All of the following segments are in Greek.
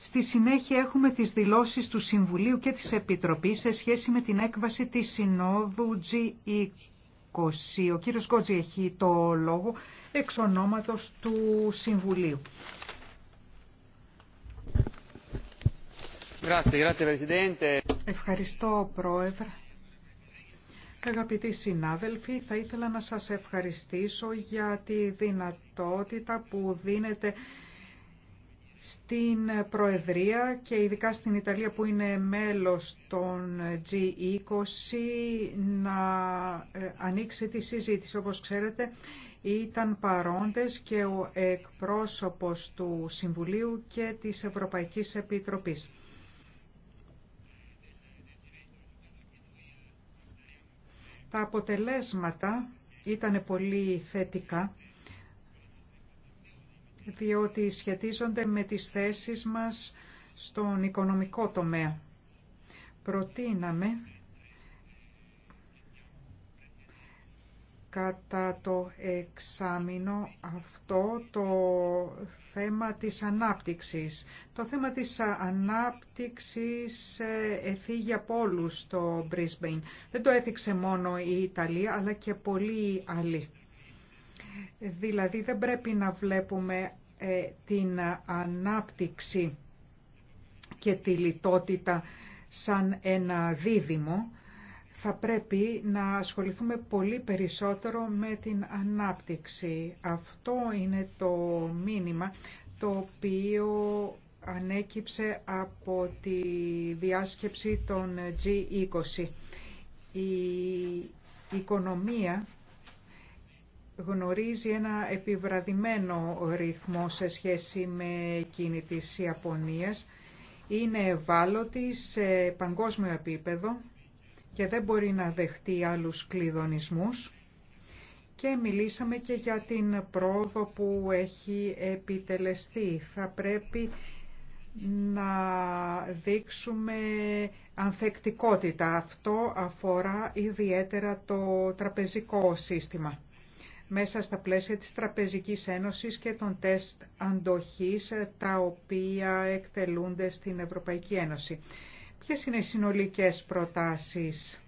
Στη συνέχεια έχουμε τις δηλώσεις του Συμβουλίου και της Επιτροπής σε σχέση με την έκβαση της Συνόδου G20. Ο κύριος Κότζη έχει το λόγο εξ ονόματος του Συμβουλίου. Ευχαριστώ Πρόεδρε. Αγαπητοί συνάδελφοι, θα ήθελα να σας ευχαριστήσω για τη δυνατότητα που δίνετε στην Προεδρία και ειδικά στην Ιταλία που είναι μέλος των G20 να ε, ανοίξει τη συζήτηση. Όπως ξέρετε ήταν παρόντες και ο εκπρόσωπος του Συμβουλίου και της Ευρωπαϊκής Επιτροπής. Τα αποτελέσματα ήταν πολύ θετικά διότι σχετίζονται με τις θέσεις μας στον οικονομικό τομέα. Προτείναμε κατά το εξάμεινο αυτό το θέμα της ανάπτυξης. Το θέμα της ανάπτυξης ε, εφήγει από όλου στο Brisbane. Δεν το έθιξε μόνο η Ιταλία αλλά και πολλοί άλλοι. Δηλαδή δεν πρέπει να βλέπουμε ε, την ανάπτυξη και τη λιτότητα σαν ένα δίδυμο, θα πρέπει να ασχοληθούμε πολύ περισσότερο με την ανάπτυξη. Αυτό είναι το μήνυμα το οποίο ανέκυψε από τη διάσκεψη των G20. Η οικονομία γνωρίζει ένα επιβραδυμένο ρυθμό σε σχέση με εκείνη της Ιαπωνίας. Είναι ευάλωτη σε παγκόσμιο επίπεδο και δεν μπορεί να δεχτεί άλλους κλειδονισμούς. Και μιλήσαμε και για την πρόοδο που έχει επιτελεστεί. Θα πρέπει να δείξουμε ανθεκτικότητα. Αυτό αφορά ιδιαίτερα το τραπεζικό σύστημα μέσα στα πλαίσια της Τραπεζικής Ένωσης και των τεστ αντοχής τα οποία εκτελούνται στην Ευρωπαϊκή Ένωση. Ποιες είναι οι συνολικές προτάσεις.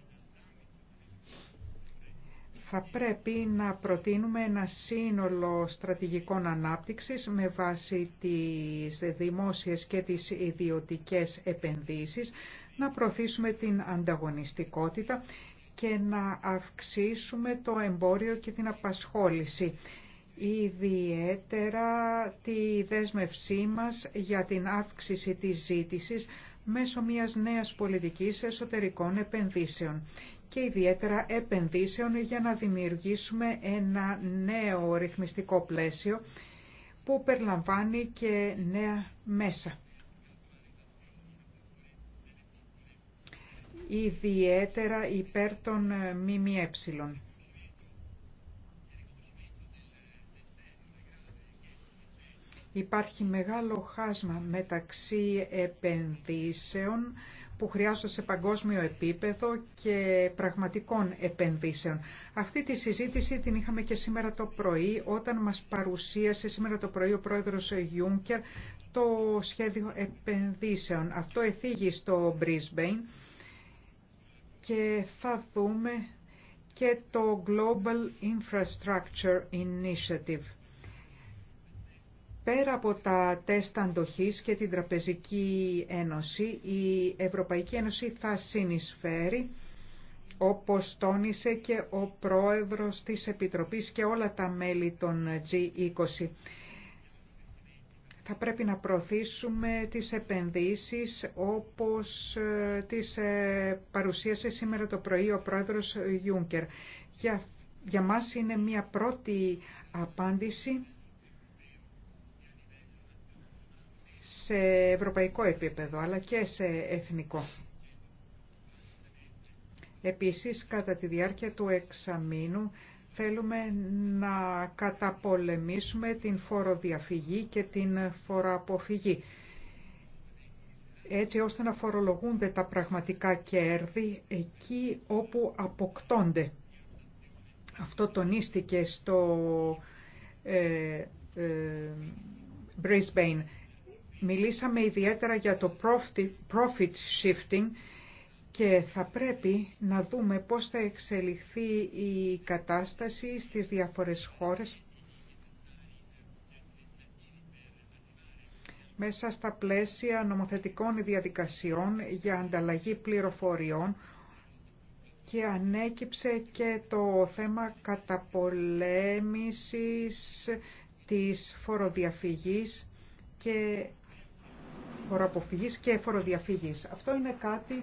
Θα πρέπει να προτείνουμε ένα σύνολο στρατηγικών ανάπτυξης με βάση τις δημόσιες και τις ιδιωτικές επενδύσεις, να προωθήσουμε την ανταγωνιστικότητα και να αυξήσουμε το εμπόριο και την απασχόληση. Ιδιαίτερα τη δέσμευσή μας για την αύξηση της ζήτησης μέσω μιας νέας πολιτικής εσωτερικών επενδύσεων και ιδιαίτερα επενδύσεων για να δημιουργήσουμε ένα νέο ρυθμιστικό πλαίσιο που περιλαμβάνει και νέα μέσα. ιδιαίτερα υπέρ των ε, ΜΜΕ. Υπάρχει μεγάλο χάσμα μεταξύ επενδύσεων που χρειάζονται σε παγκόσμιο επίπεδο και πραγματικών επενδύσεων. Αυτή τη συζήτηση την είχαμε και σήμερα το πρωί όταν μας παρουσίασε σήμερα το πρωί ο πρόεδρος Γιούνκερ το σχέδιο επενδύσεων. Αυτό εθίγει στο Brisbane και θα δούμε και το Global Infrastructure Initiative. Πέρα από τα τεστ αντοχής και την Τραπεζική Ένωση, η Ευρωπαϊκή Ένωση θα συνεισφέρει, όπως τόνισε και ο πρόεδρος της Επιτροπής και όλα τα μέλη των G20 θα πρέπει να προωθήσουμε τις επενδύσεις όπως ε, τις ε, παρουσίασε σήμερα το πρωί ο πρόεδρος Γιούγκερ. Για, για μας είναι μια πρώτη απάντηση σε ευρωπαϊκό επίπεδο αλλά και σε εθνικό. Επίσης, κατά τη διάρκεια του εξαμήνου Θέλουμε να καταπολεμήσουμε την φοροδιαφυγή και την φοροαποφυγή έτσι ώστε να φορολογούνται τα πραγματικά κέρδη εκεί όπου αποκτώνται. Αυτό τονίστηκε στο ε, ε, Brisbane. Μιλήσαμε ιδιαίτερα για το profit, profit shifting και θα πρέπει να δούμε πώς θα εξελιχθεί η κατάσταση στις διάφορες χώρες μέσα στα πλαίσια νομοθετικών διαδικασιών για ανταλλαγή πληροφοριών και ανέκυψε και το θέμα καταπολέμησης της φοροδιαφυγής και φοροαποφυγής και φοροδιαφυγής. Αυτό είναι κάτι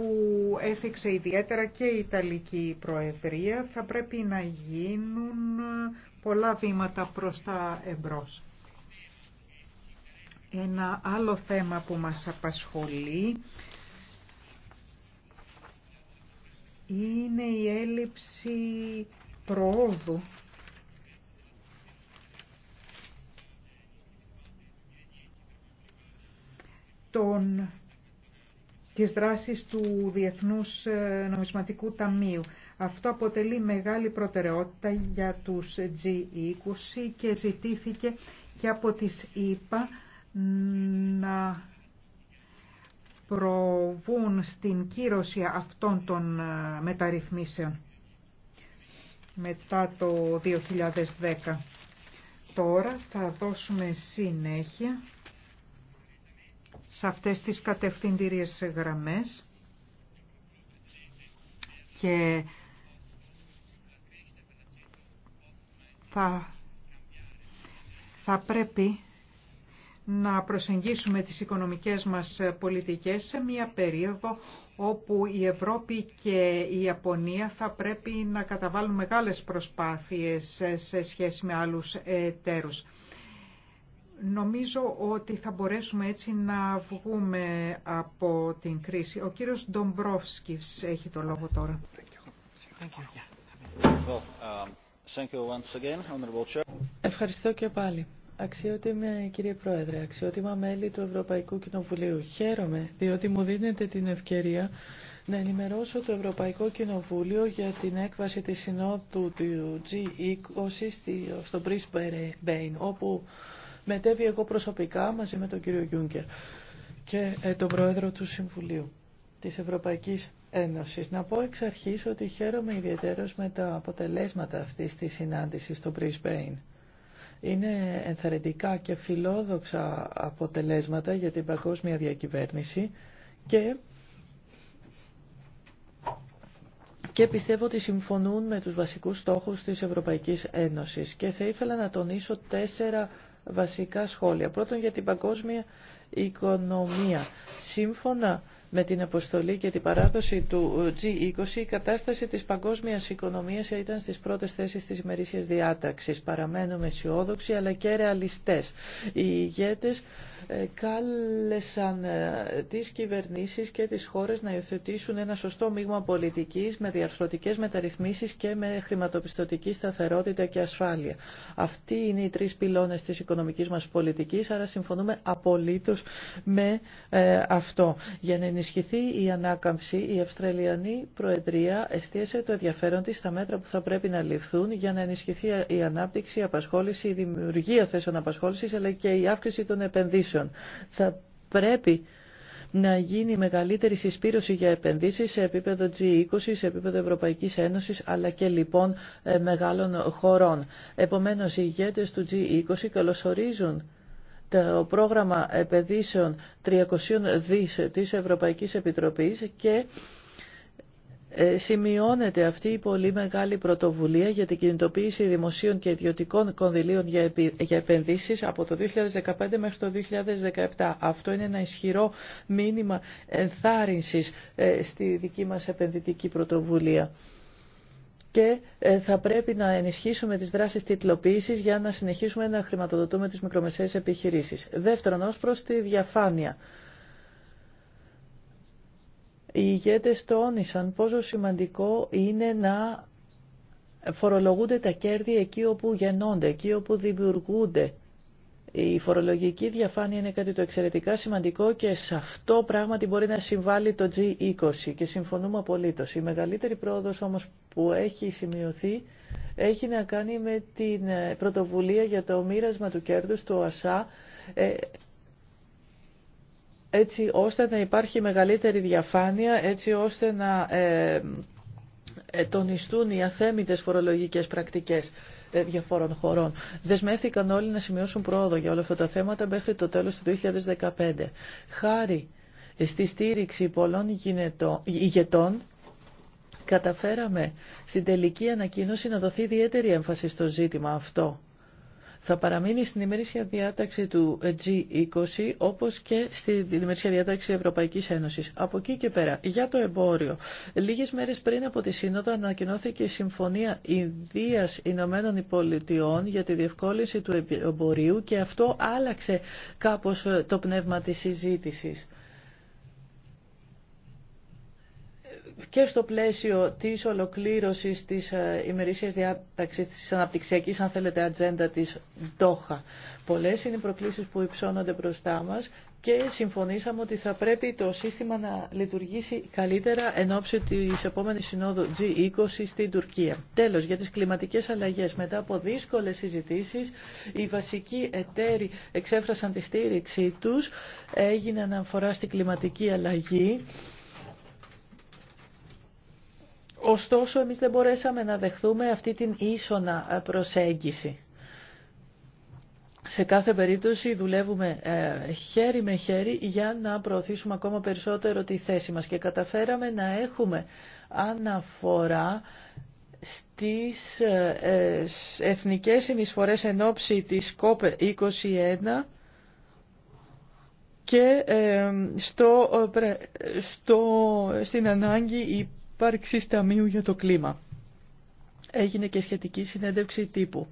που έθιξε ιδιαίτερα και η Ιταλική Προεδρία. Θα πρέπει να γίνουν πολλά βήματα προς τα εμπρός. Ένα άλλο θέμα που μας απασχολεί είναι η έλλειψη προόδου των τις δράσεις του Διεθνούς ε, Νομισματικού Ταμείου. Αυτό αποτελεί μεγάλη προτεραιότητα για τους G20 και ζητήθηκε και από τις ΗΠΑ να προβούν στην κύρωση αυτών των ε, μεταρρυθμίσεων μετά το 2010. Τώρα θα δώσουμε συνέχεια σε αυτές τις κατευθυντήριες γραμμές και θα, πρέπει να προσεγγίσουμε τις οικονομικές μας πολιτικές σε μία περίοδο όπου η Ευρώπη και η Ιαπωνία θα πρέπει να καταβάλουν μεγάλες προσπάθειες σε σχέση με άλλους εταίρους. Νομίζω ότι θα μπορέσουμε έτσι να βγούμε από την κρίση. Ο κύριος Ντομπρόφσκης έχει το λόγο τώρα. Um, Ευχαριστώ και πάλι. Αξιότιμη κύριε Πρόεδρε, αξιότιμα μέλη του Ευρωπαϊκού Κοινοβουλίου. Χαίρομαι διότι μου δίνετε την ευκαιρία να ενημερώσω το Ευρωπαϊκό Κοινοβούλιο για την έκβαση της συνόδου του G20 στο Brisbane, όπου μετέβη εγώ προσωπικά μαζί με τον κύριο Γιούγκερ και ε, τον πρόεδρο του Συμβουλίου της Ευρωπαϊκής Ένωσης. Να πω εξ αρχής ότι χαίρομαι ιδιαίτερως με τα αποτελέσματα αυτής της συνάντησης στο Brisbane. Είναι ενθαρρυντικά και φιλόδοξα αποτελέσματα για την παγκόσμια διακυβέρνηση και και πιστεύω ότι συμφωνούν με τους βασικούς στόχους της Ευρωπαϊκής Ένωσης. Και θα ήθελα να τονίσω τέσσερα βασικά σχόλια. Πρώτον για την παγκόσμια οικονομία. Σύμφωνα με την αποστολή και την παράδοση του G20 η κατάσταση της παγκόσμιας οικονομίας ήταν στις πρώτες θέσεις της ημερήσιας διάταξης. Παραμένουμε αισιόδοξοι αλλά και ρεαλιστές. Οι ηγέτες ε, κάλεσαν ε, τις κυβερνήσεις και τις χώρες να υιοθετήσουν ένα σωστό μείγμα πολιτικής με διαρθρωτικές μεταρρυθμίσεις και με χρηματοπιστωτική σταθερότητα και ασφάλεια. Αυτοί είναι οι τρεις πυλώνες της οικονομικής μας πολιτικής, άρα συμφωνούμε απολύτως με ε, αυτό. Για ενισχυθεί η ανάκαμψη, η Αυστραλιανή Προεδρία εστίασε το ενδιαφέρον της στα μέτρα που θα πρέπει να ληφθούν για να ενισχυθεί η ανάπτυξη, η απασχόληση, η δημιουργία θέσεων απασχόλησης αλλά και η αύξηση των επενδύσεων. Θα πρέπει να γίνει μεγαλύτερη συσπήρωση για επενδύσεις σε επίπεδο G20, σε επίπεδο Ευρωπαϊκής Ένωσης, αλλά και λοιπόν ε, μεγάλων χωρών. Επομένως, οι ηγέτες του G20 καλωσορίζουν το πρόγραμμα επενδύσεων 300 δις της Ευρωπαϊκής Επιτροπής και ε, σημειώνεται αυτή η πολύ μεγάλη πρωτοβουλία για την κινητοποίηση δημοσίων και ιδιωτικών κονδυλίων για επενδύσεις από το 2015 μέχρι το 2017. Αυτό είναι ένα ισχυρό μήνυμα ενθάρρυνσης ε, στη δική μας επενδυτική πρωτοβουλία και ε, θα πρέπει να ενισχύσουμε τις δράσεις τιτλοποίησης για να συνεχίσουμε να χρηματοδοτούμε τις μικρομεσαίες επιχειρήσεις. Δεύτερον, ως προς τη διαφάνεια. Οι ηγέτες τόνισαν πόσο σημαντικό είναι να φορολογούνται τα κέρδη εκεί όπου γεννώνται, εκεί όπου δημιουργούνται η φορολογική διαφάνεια είναι κάτι το εξαιρετικά σημαντικό και σε αυτό πράγματι μπορεί να συμβάλλει το G20 και συμφωνούμε απολύτως. Η μεγαλύτερη πρόοδος όμως που έχει σημειωθεί έχει να κάνει με την ε, πρωτοβουλία για το μοίρασμα του κέρδους του ΑΣΑ ε, έτσι ώστε να υπάρχει μεγαλύτερη διαφάνεια, έτσι ώστε να ε, τονιστούν οι αθέμητες φορολογικές πρακτικές διαφόρων χωρών. Δεσμεύθηκαν όλοι να σημειώσουν πρόοδο για όλα αυτά τα θέματα μέχρι το τέλος του 2015. Χάρη στη στήριξη πολλών ηγετών, καταφέραμε στην τελική ανακοίνωση να δοθεί ιδιαίτερη έμφαση στο ζήτημα αυτό θα παραμείνει στην ημερήσια διάταξη του G20 όπως και στην ημερήσια διάταξη Ευρωπαϊκής Ένωσης. Από εκεί και πέρα, για το εμπόριο. Λίγες μέρες πριν από τη Σύνοδο ανακοινώθηκε η Συμφωνία Ινδίας Ηνωμένων Πολιτειών για τη διευκόλυνση του εμπορίου και αυτό άλλαξε κάπως το πνεύμα της συζήτησης. και στο πλαίσιο της ολοκλήρωσης της ε, ημερήσιας διάταξης της αναπτυξιακής, αν θέλετε, ατζέντα της ΔΟΧΑ. Πολλές είναι οι προκλήσεις που υψώνονται μπροστά μας και συμφωνήσαμε ότι θα πρέπει το σύστημα να λειτουργήσει καλύτερα εν ώψη της επόμενης συνόδου G20 στην Τουρκία. Τέλος, για τις κλιματικές αλλαγές. Μετά από δύσκολες συζητήσεις, οι βασικοί εταίροι εξέφρασαν τη στήριξή τους, έγινε αναφορά στην κλιματική αλλαγή. Ωστόσο, εμείς δεν μπορέσαμε να δεχθούμε αυτή την ίσονα ε, προσέγγιση. Σε κάθε περίπτωση δουλεύουμε ε, χέρι με χέρι για να προωθήσουμε ακόμα περισσότερο τη θέση μας και καταφέραμε να έχουμε αναφορά στις ε, εθνικές συνεισφορές εν ώψη της COP21 και στο, στο, στην ανάγκη ύπαρξης Ταμείου για το Κλίμα. Έγινε και σχετική συνέντευξη τύπου.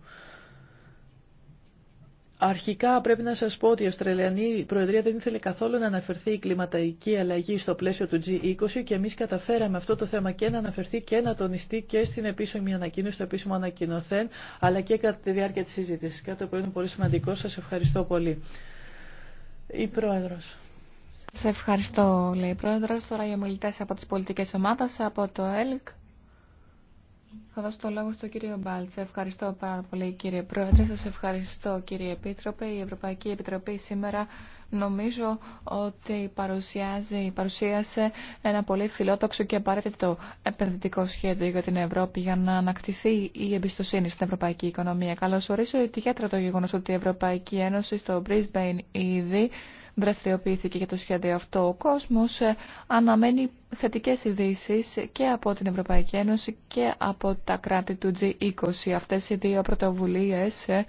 Αρχικά πρέπει να σας πω ότι η Αυστραλιανή Προεδρία δεν ήθελε καθόλου να αναφερθεί η κλιματική αλλαγή στο πλαίσιο του G20 και εμείς καταφέραμε αυτό το θέμα και να αναφερθεί και να τονιστεί και στην επίσημη ανακοίνωση, στο επίσημο ανακοινωθέν, αλλά και κατά τη διάρκεια της συζήτησης. Κάτι που είναι πολύ σημαντικό. Σας ευχαριστώ πολύ. Η Πρόεδρος. Σε ευχαριστώ, λέει η πρόεδρο. Τώρα οι ομιλητέ από τι πολιτικέ ομάδες, από το ΕΛΚ. Θα δώσω το λόγο στον κύριο Μπάλτ. Ευχαριστώ πάρα πολύ κύριε Πρόεδρε, σα ευχαριστώ κύριε Επίτροπε. Η Ευρωπαϊκή Επιτροπή σήμερα νομίζω ότι παρουσιάζει, παρουσίασε ένα πολύ φιλόδοξο και απαραίτητο επενδυτικό σχέδιο για την Ευρώπη για να ανακτηθεί η εμπιστοσύνη στην ευρωπαϊκή οικονομία. Καλώ ορίζω ιδιαίτερα το γεγονό ότι η Ευρωπαϊκή Ένωση στο Brisbane ήδη δραστηριοποιήθηκε για το σχέδιο αυτό. Ο κόσμος ε, αναμένει θετικές ειδήσει και από την Ευρωπαϊκή Ένωση και από τα κράτη του G20. Αυτές οι δύο πρωτοβουλίες ε,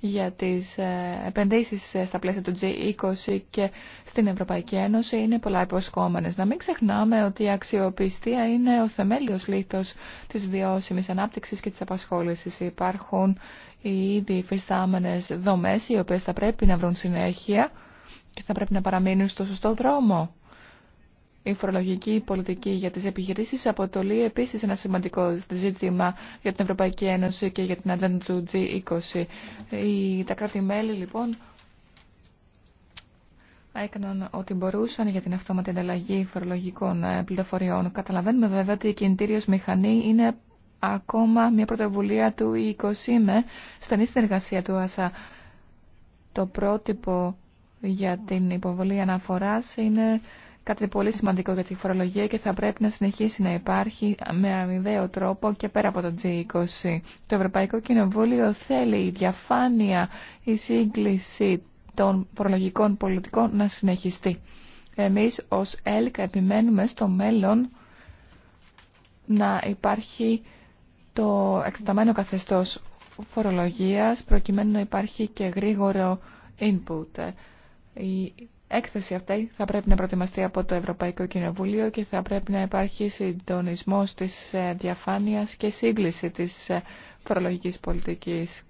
για τις ε, επενδύσεις στα πλαίσια του G20 και στην Ευρωπαϊκή Ένωση είναι πολλά υποσχόμενες. Να μην ξεχνάμε ότι η αξιοπιστία είναι ο θεμέλιος λίθος της βιώσιμης ανάπτυξης και της απασχόλησης. Υπάρχουν οι ήδη υφιστάμενες δομές οι οποίες θα πρέπει να βρουν συνέχεια και θα πρέπει να παραμείνουν στο σωστό δρόμο. Η φορολογική πολιτική για τις επιχειρήσεις αποτελεί επίσης ένα σημαντικό ζήτημα για την Ευρωπαϊκή Ένωση και για την ατζέντα του G20. Τα κράτη-μέλη λοιπόν έκαναν ό,τι μπορούσαν για την αυτόματη ανταλλαγή φορολογικών ε, πληροφοριών. Καταλαβαίνουμε βέβαια ότι η κινητήριος μηχανή είναι ακόμα μια πρωτοβουλία του 20 με στενή συνεργασία του ΑΣΑ. Το πρότυπο για την υποβολή αναφοράς είναι κάτι πολύ σημαντικό για τη φορολογία και θα πρέπει να συνεχίσει να υπάρχει με αμοιβαίο τρόπο και πέρα από το G20. Το Ευρωπαϊκό Κοινοβούλιο θέλει η διαφάνεια, η σύγκληση των φορολογικών πολιτικών να συνεχιστεί. Εμείς ως ΕΛΚΑ επιμένουμε στο μέλλον να υπάρχει το εκτεταμένο καθεστώς φορολογίας προκειμένου να υπάρχει και γρήγορο input. Η έκθεση αυτή θα πρέπει να προετοιμαστεί από το Ευρωπαϊκό Κοινοβούλιο και θα πρέπει να υπάρχει συντονισμός της ε, διαφάνειας και σύγκληση της ε, φορολογικής πολιτικής.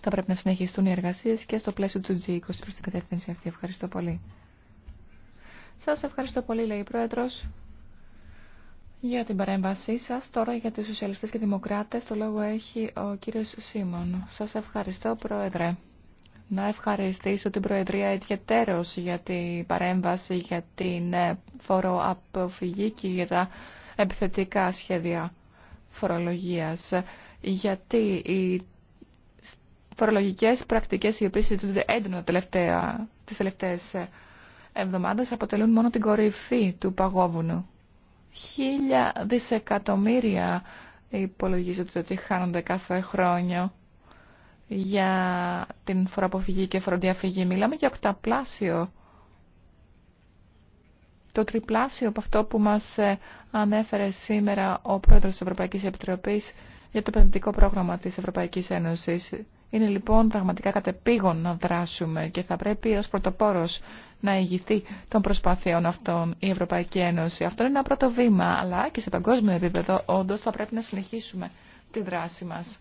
Θα πρέπει να συνεχιστούν οι εργασίες και στο πλαίσιο του G20 προς την κατεύθυνση αυτή. Ευχαριστώ πολύ. Σας ευχαριστώ πολύ, λέει η Πρόεδρος, για την παρέμβασή σας. Τώρα για τους σοσιαλιστές και δημοκράτες το λόγο έχει ο κύριος Σίμων. Σας ευχαριστώ, Πρόεδρε να ευχαριστήσω την Προεδρία ιδιαίτερως για την παρέμβαση, για την ε, φοροαποφυγή και για τα επιθετικά σχέδια φορολογίας. Γιατί οι φορολογικές πρακτικές οι οποίες συζητούνται έντονα τελευταία, τις τελευταίες ε, εβδομάδες αποτελούν μόνο την κορυφή του παγόβουνου. Χίλια δισεκατομμύρια υπολογίζεται ότι χάνονται κάθε χρόνο για την φοροαποφυγή και φοροδιαφυγή. Μιλάμε για οκταπλάσιο. Το τριπλάσιο από αυτό που μας ε, ανέφερε σήμερα ο πρόεδρος της Ευρωπαϊκής Επιτροπής για το επενδυτικό πρόγραμμα της Ευρωπαϊκής Ένωσης. Είναι λοιπόν πραγματικά κατεπήγον να δράσουμε και θα πρέπει ως πρωτοπόρος να ηγηθεί των προσπάθειών αυτών η Ευρωπαϊκή Ένωση. Αυτό είναι ένα πρώτο βήμα, αλλά και σε παγκόσμιο επίπεδο όντως θα πρέπει να συνεχίσουμε τη δράση μας.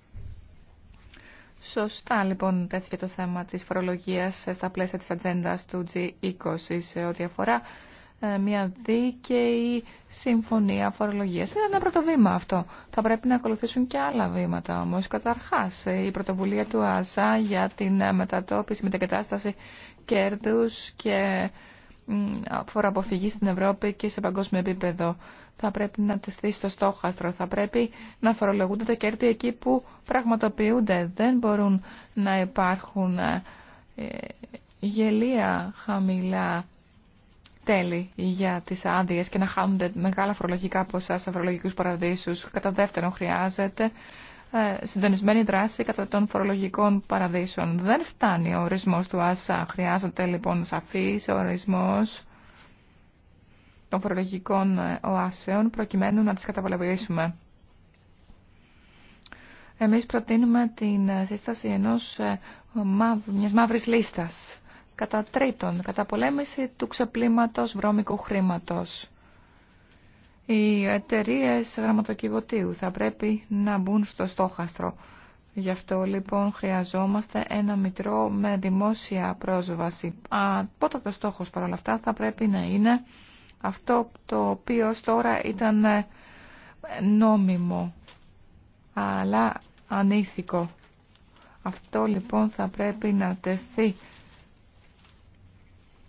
Σωστά λοιπόν τέθηκε το θέμα της φορολογίας στα πλαίσια της ατζέντα του G20 σε ό,τι αφορά ε, μια δίκαιη συμφωνία φορολογίας. Είναι ένα πρώτο βήμα αυτό. Θα πρέπει να ακολουθήσουν και άλλα βήματα όμως. Καταρχάς ε, η πρωτοβουλία του άσα για την μετατόπιση, κατάσταση κέρδους και αποφυγή στην Ευρώπη και σε παγκόσμιο επίπεδο. Θα πρέπει να τεθεί στο στόχαστρο. Θα πρέπει να φορολογούνται τα κέρδη εκεί που πραγματοποιούνται. Δεν μπορούν να υπάρχουν ε, ε, γελία χαμηλά τέλη για τις άδειες και να χάνονται μεγάλα φορολογικά ποσά σε φορολογικούς παραδείσους. Κατά δεύτερον, χρειάζεται ε, συντονισμένη δράση κατά των φορολογικών παραδείσων. Δεν φτάνει ο ορισμός του ΆΣΑ. Χρειάζεται λοιπόν σαφής ορισμός των φορολογικών ε, οάσεων προκειμένου να τις καταβολευήσουμε. Εμείς προτείνουμε την ε, σύσταση ενός, μιας μαύρης λίστας. Κατά τρίτον, κατά πολέμηση του ξεπλήματος βρώμικου χρήματος οι εταιρείε γραμματοκιβωτίου θα πρέπει να μπουν στο στόχαστρο. Γι' αυτό λοιπόν χρειαζόμαστε ένα μητρό με δημόσια πρόσβαση. Α, πότε το στόχος παρόλα αυτά θα πρέπει να είναι αυτό το οποίο τώρα ήταν ε, νόμιμο αλλά ανήθικο. Αυτό λοιπόν θα πρέπει να τεθεί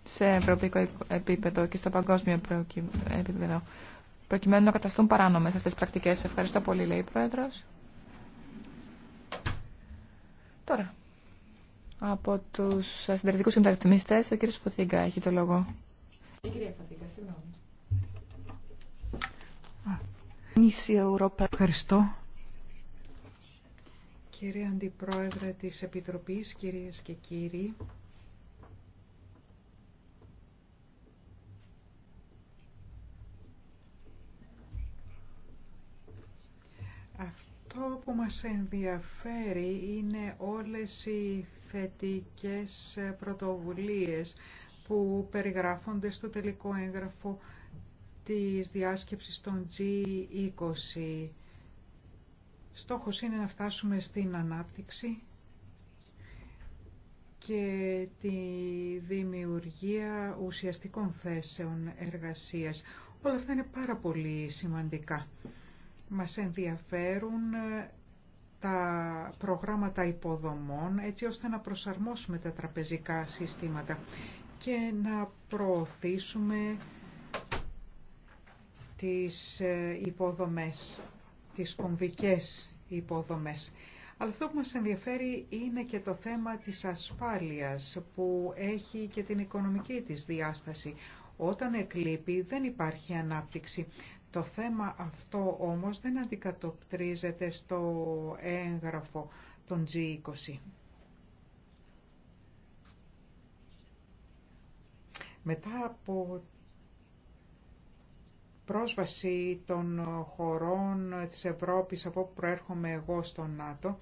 σε ευρωπαϊκό επίπεδο και στο παγκόσμιο επίπεδο προκειμένου να καταστούν παράνομε αυτές τι πρακτικές. Ευχαριστώ πολύ, λέει η πρόεδρο. Τώρα, από του συντηρητικού συνταρρυθμιστέ, ο κύριος Φωτίγκα έχει το λόγο. Η κυρία Φωτίγκα, συγγνώμη. Ευχαριστώ. Κύριε Αντιπρόεδρε της Επιτροπής, κυρίες και κύριοι, Αυτό που μας ενδιαφέρει είναι όλες οι θετικές πρωτοβουλίες που περιγράφονται στο τελικό έγγραφο της διάσκεψης των G20. Στόχος είναι να φτάσουμε στην ανάπτυξη και τη δημιουργία ουσιαστικών θέσεων εργασίας. Όλα αυτά είναι πάρα πολύ σημαντικά. Μας ενδιαφέρουν ε, τα προγράμματα υποδομών έτσι ώστε να προσαρμόσουμε τα τραπεζικά συστήματα και να προωθήσουμε τις ε, υποδομές, τις κομβικές υποδομές. Αλλά αυτό που μας ενδιαφέρει είναι και το θέμα της ασφάλειας που έχει και την οικονομική της διάσταση. Όταν εκλείπει δεν υπάρχει ανάπτυξη. Το θέμα αυτό όμως δεν αντικατοπτρίζεται στο έγγραφο των G20. Μετά από πρόσβαση των χωρών της Ευρώπης από όπου προέρχομαι εγώ στο ΝΑΤΟ,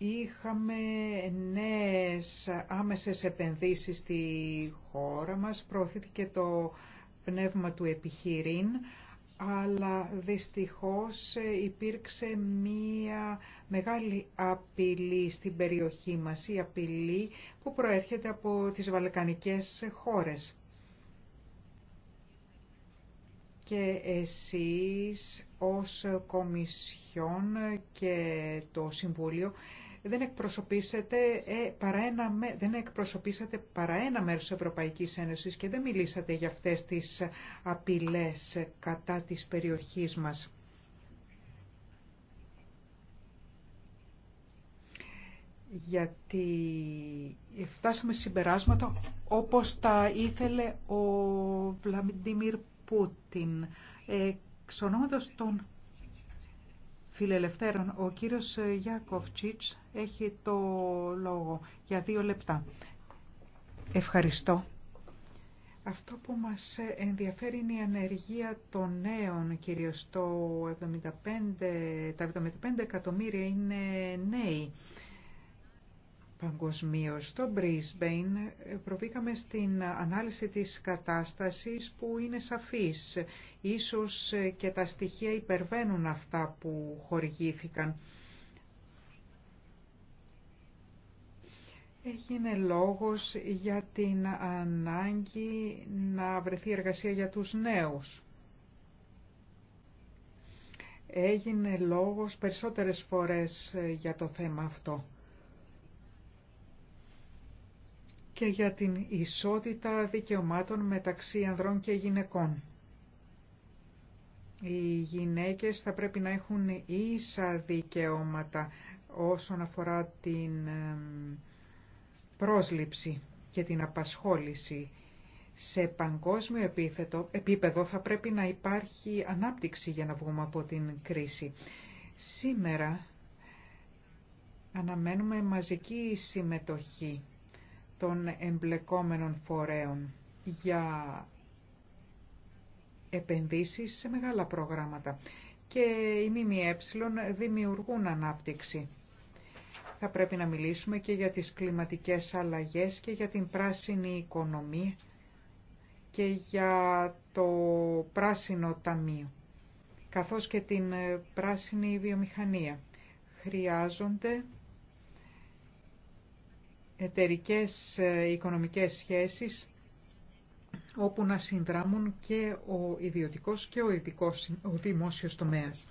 Είχαμε νέες άμεσες επενδύσεις στη χώρα μας, προωθήθηκε το πνεύμα του επιχειρήν, αλλά δυστυχώς υπήρξε μία μεγάλη απειλή στην περιοχή μας, η απειλή που προέρχεται από τις βαλκανικές χώρες. Και εσείς ως Κομισιόν και το Συμβούλιο δεν εκπροσωπήσατε, ε, παρά ένα, δεν εκπροσωπήσατε παρά ένα μέρος της Ευρωπαϊκής Ένωσης και δεν μιλήσατε για αυτές τις απειλές κατά της περιοχής μας. γιατί φτάσαμε συμπεράσματα όπως τα ήθελε ο Βλαμιντίμιρ Πούτιν ε, εξ Φιλελευθέρων, ο κύριος ε, Τσίτς έχει το λόγο για δύο λεπτά. Ευχαριστώ. Αυτό που μας ε, ενδιαφέρει είναι η ανεργία των νέων, κυρίως το 75, τα 75 εκατομμύρια είναι νέοι Παγκοσμίω στο Brisbane ε, προβήκαμε στην ανάλυση της κατάστασης που είναι σαφής. Ίσως ε, και τα στοιχεία υπερβαίνουν αυτά που χορηγήθηκαν. Έγινε λόγος για την ανάγκη να βρεθεί εργασία για τους νέους. Έγινε λόγος περισσότερες φορές ε, για το θέμα αυτό. και για την ισότητα δικαιωμάτων μεταξύ ανδρών και γυναικών. Οι γυναίκες θα πρέπει να έχουν ίσα δικαιώματα όσον αφορά την πρόσληψη και την απασχόληση. Σε παγκόσμιο επίθετο, επίπεδο θα πρέπει να υπάρχει ανάπτυξη για να βγούμε από την κρίση. Σήμερα αναμένουμε μαζική συμμετοχή των εμπλεκόμενων φορέων για επενδύσεις σε μεγάλα προγράμματα και οι ΜΜΕ δημιουργούν ανάπτυξη. Θα πρέπει να μιλήσουμε και για τις κλιματικές αλλαγές και για την πράσινη οικονομία και για το πράσινο ταμείο, καθώς και την πράσινη βιομηχανία. Χρειάζονται εταιρικές ε, οικονομικές σχέσεις όπου να συνδράμουν και ο ιδιωτικός και ο, ειδικός, ο δημόσιος τομέας.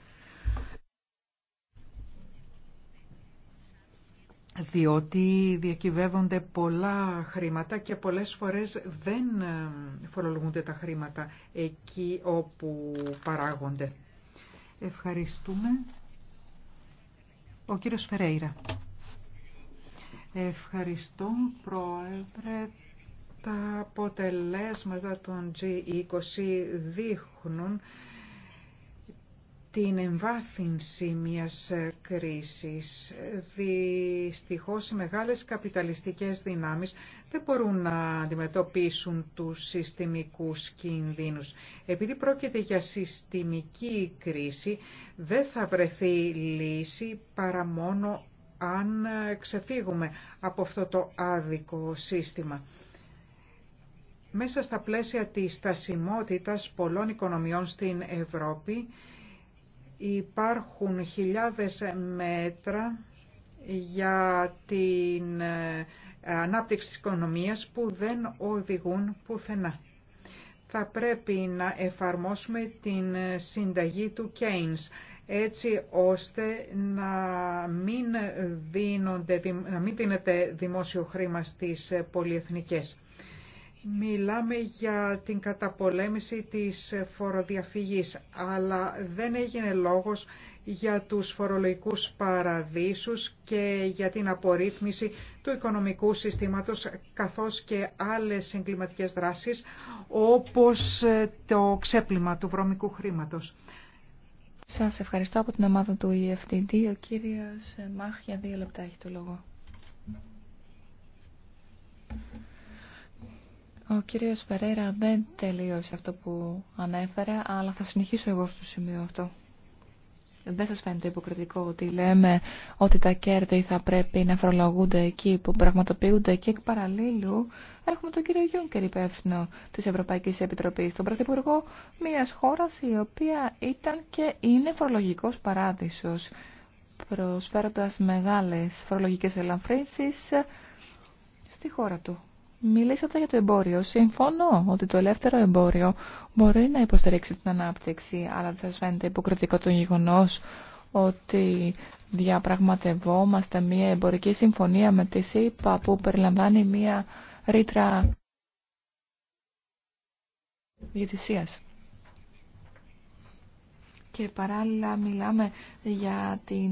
διότι διακυβεύονται πολλά χρήματα και πολλές φορές δεν ε, φορολογούνται τα χρήματα εκεί όπου παράγονται. Ευχαριστούμε. Ο κύριος Φερέιρα. Ευχαριστώ, Πρόεδρε. Τα αποτελέσματα των G20 δείχνουν την εμβάθυνση μιας κρίσης. Δυστυχώς οι μεγάλες καπιταλιστικές δυνάμεις δεν μπορούν να αντιμετωπίσουν τους συστημικούς κινδύνους. Επειδή πρόκειται για συστημική κρίση, δεν θα βρεθεί λύση παρά μόνο αν ε, ξεφύγουμε από αυτό το άδικο σύστημα. Μέσα στα πλαίσια της στασιμότητας πολλών οικονομιών στην Ευρώπη υπάρχουν χιλιάδες μέτρα για την ε, ανάπτυξη της οικονομίας που δεν οδηγούν πουθενά. Θα πρέπει να εφαρμόσουμε την ε, συνταγή του Keynes έτσι ώστε να μην, δίνονται, να μην δίνεται δημόσιο χρήμα στις πολυεθνικές. Μιλάμε για την καταπολέμηση της φοροδιαφυγής, αλλά δεν έγινε λόγος για τους φορολογικούς παραδείσους και για την απορρίθμιση του οικονομικού συστήματος καθώς και άλλες εγκληματικές δράσεις όπως το ξέπλυμα του βρώμικου χρήματος. Σας ευχαριστώ από την ομάδα του EFTD. Ο κύριος Μάχ για δύο λεπτά έχει το λόγο. Ο κύριος Φερέρα δεν τελείωσε αυτό που ανέφερε, αλλά θα συνεχίσω εγώ στο σημείο αυτό. Δεν σας φαίνεται υποκριτικό ότι λέμε ότι τα κέρδη θα πρέπει να φορολογούνται εκεί που πραγματοποιούνται και εκ παραλλήλου έχουμε τον κύριο Γιούνκερ υπεύθυνο της Ευρωπαϊκής Επιτροπής, τον Πρωθυπουργό μιας χώρας η οποία ήταν και είναι φορολογικός παράδεισος προσφέροντας μεγάλες φορολογικές ελαφρύνσεις στη χώρα του. Μιλήσατε για το εμπόριο. Συμφωνώ ότι το ελεύθερο εμπόριο μπορεί να υποστηρίξει την ανάπτυξη, αλλά δεν σας φαίνεται υποκριτικό το γεγονός ότι διαπραγματευόμαστε μια εμπορική συμφωνία με τη ΣΥΠΑ που περιλαμβάνει μια ρήτρα διαιτησία. Και παράλληλα μιλάμε για την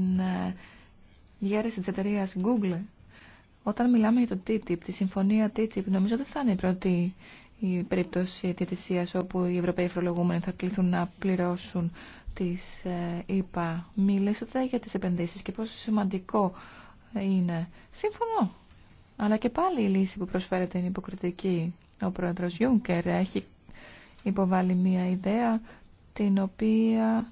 γέρεση της εταιρεία Google όταν μιλάμε για το TTIP, τη συμφωνία TTIP, νομίζω δεν θα είναι η πρώτη η περίπτωση διατησία όπου οι Ευρωπαίοι Φρολογούμενοι θα κληθούν να πληρώσουν τις ε, ΕΠΑ. Μιλήσατε για τις επενδύσεις και πόσο σημαντικό είναι. Σύμφωνο. Αλλά και πάλι η λύση που προσφέρεται είναι υποκριτική. Ο πρόεδρος Γιούνκερ έχει υποβάλει μία ιδέα την οποία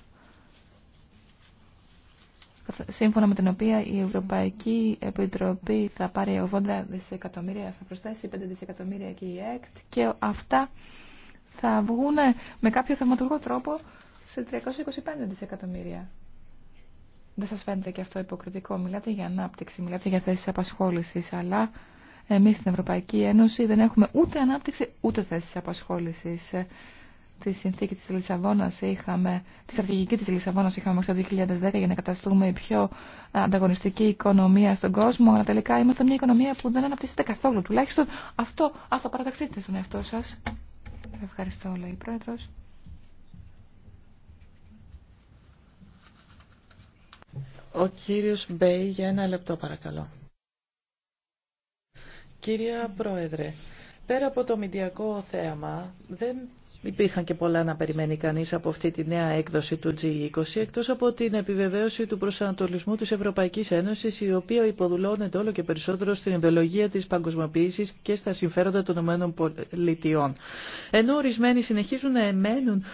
σύμφωνα με την οποία η Ευρωπαϊκή Επιτροπή θα πάρει 80 δισεκατομμύρια, θα προσθέσει 5 δισεκατομμύρια και η ΕΚΤ και αυτά θα βγουν με κάποιο θεματουργό τρόπο σε 325 δισεκατομμύρια. Δεν σας φαίνεται και αυτό υποκριτικό. Μιλάτε για ανάπτυξη, μιλάτε για θέσεις απασχόλησης, αλλά εμείς στην Ευρωπαϊκή Ένωση δεν έχουμε ούτε ανάπτυξη ούτε θέσεις απασχόλησης τη συνθήκη της Λισαβόνας είχαμε, τη στρατηγική της Λισαβόνας είχαμε μέχρι το 2010 για να καταστούμε η πιο ανταγωνιστική οικονομία στον κόσμο, αλλά τελικά είμαστε μια οικονομία που δεν αναπτύσσεται καθόλου. Τουλάχιστον αυτό, αυτό παραταχθείτε στον εαυτό σας. Ευχαριστώ, λέει η Πρόεδρος. Ο κύριος Μπέι για ένα λεπτό παρακαλώ. Κυρία Πρόεδρε, πέρα από το μηντιακό θέαμα, δεν Υπήρχαν και πολλά να περιμένει κανείς από αυτή τη νέα έκδοση του G20, εκτός από την επιβεβαίωση του προσανατολισμού της Ευρωπαϊκής Ένωσης, η οποία υποδουλώνεται όλο και περισσότερο στην ιδεολογία της παγκοσμιοποίησης και στα συμφέροντα των ΗΠΑ. Ενώ ορισμένοι συνεχίζουν να εμένουν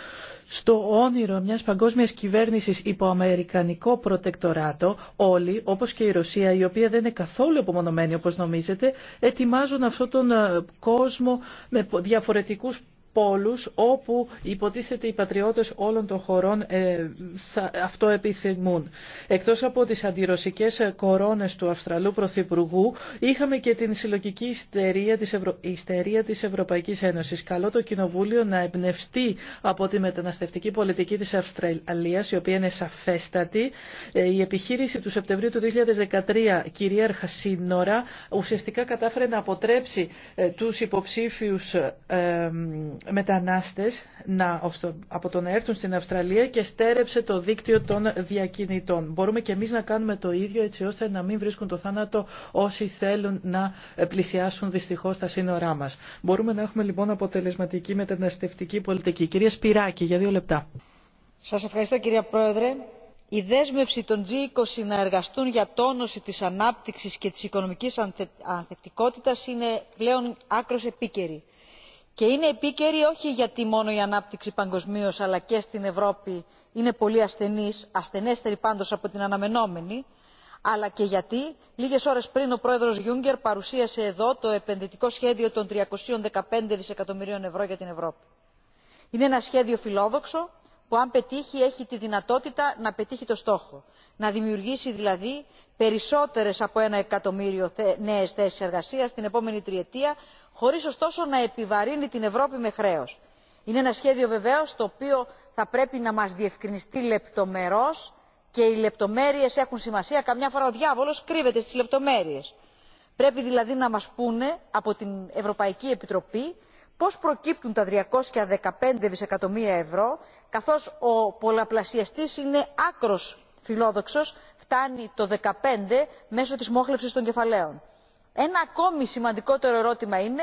στο όνειρο μιας παγκόσμιας κυβέρνησης υπό αμερικανικό προτεκτοράτο, όλοι, όπως και η Ρωσία, η οποία δεν είναι καθόλου απομονωμένη όπως νομίζετε, ετοιμάζουν αυτόν τον ε, κόσμο με διαφορετικούς πόλους όπου υποτίθεται οι πατριώτες όλων των χωρών ε, αυτό επιθυμούν. Εκτός από τις αντιρωσικές κορώνες του Αυστραλού Πρωθυπουργού είχαμε και την συλλογική ιστερία της, Ευρω... ιστερία της Ευρωπαϊκής Ένωσης. Καλό το Κοινοβούλιο να εμπνευστεί από τη μεταναστευτική πολιτική της Αυστραλίας η οποία είναι σαφέστατη. Ε, η επιχείρηση του Σεπτεμβρίου του 2013 κυρίαρχα σύνορα ουσιαστικά κατάφερε να αποτρέψει ε, τους υποψήφιους μετανάστες να, από το να έρθουν στην Αυστραλία και στέρεψε το δίκτυο των διακινητών. Μπορούμε και εμείς να κάνουμε το ίδιο έτσι ώστε να μην βρίσκουν το θάνατο όσοι θέλουν να πλησιάσουν δυστυχώς τα σύνορά μας. Μπορούμε να έχουμε λοιπόν αποτελεσματική μεταναστευτική πολιτική. Κυρία Σπυράκη, για δύο λεπτά. Σας ευχαριστώ κυρία Πρόεδρε. Η δέσμευση των G20 να εργαστούν για τόνωση της ανάπτυξης και της οικονομικής ανθεκτικότητας είναι πλέον άκρος επίκαιρη και είναι επίκαιρη όχι γιατί μόνο η ανάπτυξη παγκοσμίω αλλά και στην ευρώπη είναι πολύ ασθενή, ασθενέστερη πάντω από την αναμενόμενη αλλά και γιατί λίγες ώρες πριν ο πρόεδρος Γιούγκερ παρουσίασε εδώ το επενδυτικό σχέδιο των 315 δισεκατομμυρίων ευρώ για την ευρώπη. είναι ένα σχέδιο φιλόδοξο που αν πετύχει έχει τη δυνατότητα να πετύχει το στόχο να δημιουργήσει δηλαδή περισσότερες από ένα εκατομμύριο νέες θέσεις εργασίας την επόμενη τριετία χωρίς ωστόσο να επιβαρύνει την ευρώπη με χρέος. είναι ένα σχέδιο βεβαίως το οποίο θα πρέπει να μας διευκρινιστεί λεπτομερώς και οι λεπτομέρειες έχουν σημασία καμιά φορά ο διάβολος κρύβεται στις λεπτομέρειες. πρέπει δηλαδή να μας πούνε από την ευρωπαϊκή επιτροπή πώς προκύπτουν τα 315 δισεκατομμύρια ευρώ, καθώς ο πολλαπλασιαστής είναι άκρος φιλόδοξος, φτάνει το 15 μέσω της μόχλευσης των κεφαλαίων. Ένα ακόμη σημαντικότερο ερώτημα είναι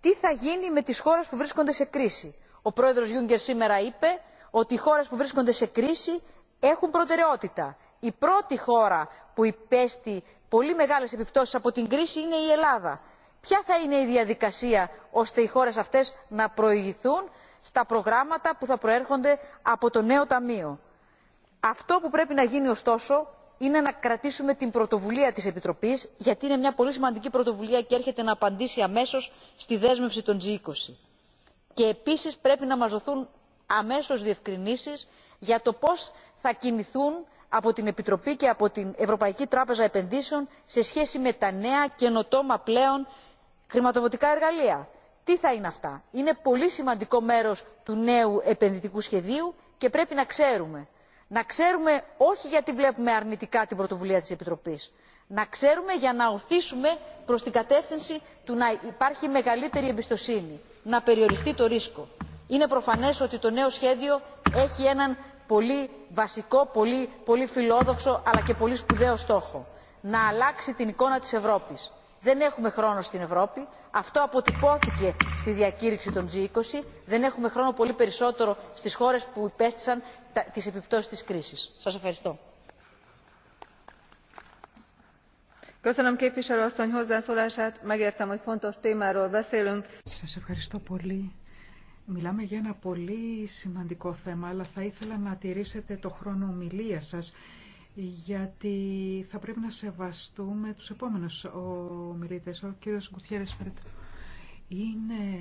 τι θα γίνει με τις χώρες που βρίσκονται σε κρίση. Ο πρόεδρος Γιούγκερ σήμερα είπε ότι οι χώρες που βρίσκονται σε κρίση έχουν προτεραιότητα. Η πρώτη χώρα που υπέστη πολύ μεγάλες επιπτώσεις από την κρίση είναι η Ελλάδα ποια θα είναι η διαδικασία ώστε οι χώρες αυτές να προηγηθούν στα προγράμματα που θα προέρχονται από το νέο ταμείο. αυτό που πρέπει να γίνει ωστόσο είναι να κρατήσουμε την πρωτοβουλία της επιτροπής γιατί είναι μια πολύ σημαντική πρωτοβουλία και έρχεται να απαντήσει αμέσως στη δέσμευση των g. 20 και επίσης πρέπει να μας δοθούν αμέσως διευκρινήσεις για το πώς θα κινηθούν από την επιτροπή και από την ευρωπαϊκή τράπεζα επενδύσεων σε σχέση με τα νέα καινοτόμα πλέον χρηματοδοτικά εργαλεία. Τι θα είναι αυτά. Είναι πολύ σημαντικό μέρος του νέου επενδυτικού σχεδίου και πρέπει να ξέρουμε. Να ξέρουμε όχι γιατί βλέπουμε αρνητικά την πρωτοβουλία της Επιτροπής. Να ξέρουμε για να οθήσουμε προς την κατεύθυνση του να υπάρχει μεγαλύτερη εμπιστοσύνη. Να περιοριστεί το ρίσκο. Είναι προφανές ότι το νέο σχέδιο έχει έναν πολύ βασικό, πολύ, πολύ φιλόδοξο αλλά και πολύ σπουδαίο στόχο. Να αλλάξει την εικόνα της Ευρώπης δεν έχουμε χρόνο στην ευρώπη αυτό αποτυπώθηκε στη διακήρυξη των g 20 δεν έχουμε χρόνο πολύ περισσότερο στις χώρες που υπέστησαν τις επιπτώσεις της κρίσης. σας ευχαριστώ. Σας ευχαριστώ πολύ. Μιλάμε για ένα πολύ σημαντικό θέμα, αλλά θα ήθελα να τηρήσετε το χρόνο ομιλία σας, γιατί θα πρέπει να σεβαστούμε τους επόμενους ομιλητές. Ο κύριος Γκουτιέρες Φρέτ. Είναι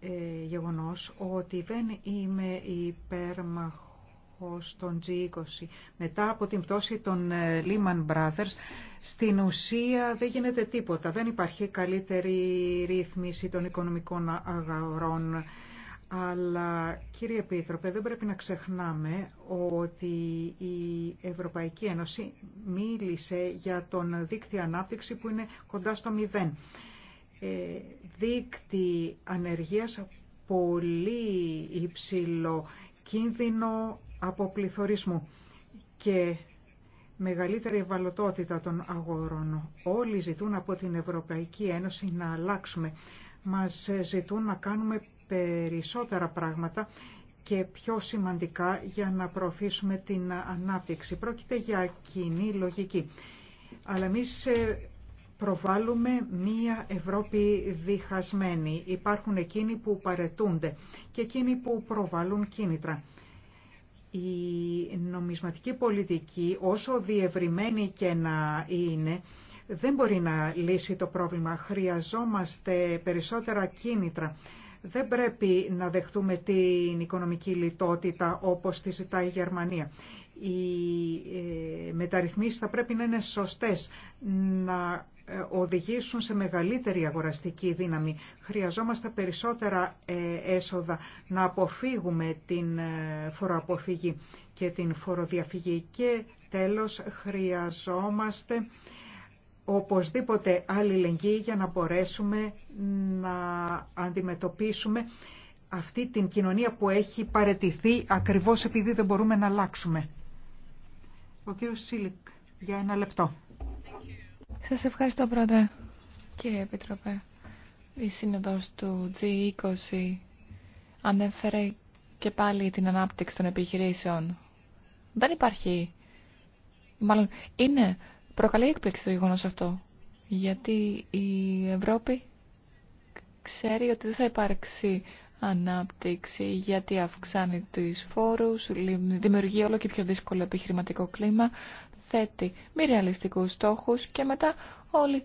ε, γεγονός ότι δεν είμαι υπέρμαχος των G20. Μετά από την πτώση των ε, Lehman Brothers, στην ουσία δεν γίνεται τίποτα. Δεν υπάρχει καλύτερη ρύθμιση των οικονομικών αγορών αλλά κύριε Επίτροπε, δεν πρέπει να ξεχνάμε ότι η Ευρωπαϊκή Ένωση μίλησε για τον δίκτυο ανάπτυξη που είναι κοντά στο μηδέν. Ε, δίκτυ ανεργίας πολύ υψηλό κίνδυνο αποπληθωρισμού και μεγαλύτερη ευαλωτότητα των αγορών. Όλοι ζητούν από την Ευρωπαϊκή Ένωση να αλλάξουμε. Μας ζητούν να κάνουμε περισσότερα πράγματα και πιο σημαντικά για να προωθήσουμε την ανάπτυξη. Πρόκειται για κοινή λογική. Αλλά εμεί ε, προβάλλουμε μία Ευρώπη διχασμένη. Υπάρχουν εκείνοι που παρετούνται και εκείνοι που προβάλλουν κίνητρα. Η νομισματική πολιτική, όσο διευρυμένη και να είναι, δεν μπορεί να λύσει το πρόβλημα. Χρειαζόμαστε περισσότερα κίνητρα δεν πρέπει να δεχτούμε την οικονομική λιτότητα όπως τη ζητάει η Γερμανία. Οι ε, μεταρρυθμίσεις θα πρέπει να είναι σωστές, να ε, οδηγήσουν σε μεγαλύτερη αγοραστική δύναμη. Χρειαζόμαστε περισσότερα ε, έσοδα να αποφύγουμε την φοροαποφυγή και την φοροδιαφυγή. Και τέλος χρειαζόμαστε οπωσδήποτε αλληλεγγύη για να μπορέσουμε να αντιμετωπίσουμε αυτή την κοινωνία που έχει παρετηθεί ακριβώς επειδή δεν μπορούμε να αλλάξουμε. Ο κύριος Σίλικ, για ένα λεπτό. Σας ευχαριστώ πρώτα, κύριε Επιτροπέ. Η σύνοδος του G20 ανέφερε και πάλι την ανάπτυξη των επιχειρήσεων. Δεν υπάρχει, μάλλον είναι Προκαλεί έκπληξη το γεγονός αυτό. Γιατί η Ευρώπη ξέρει ότι δεν θα υπάρξει ανάπτυξη γιατί αυξάνει τους φόρους, δημιουργεί όλο και πιο δύσκολο επιχειρηματικό κλίμα, θέτει μη ρεαλιστικούς στόχους και μετά όλοι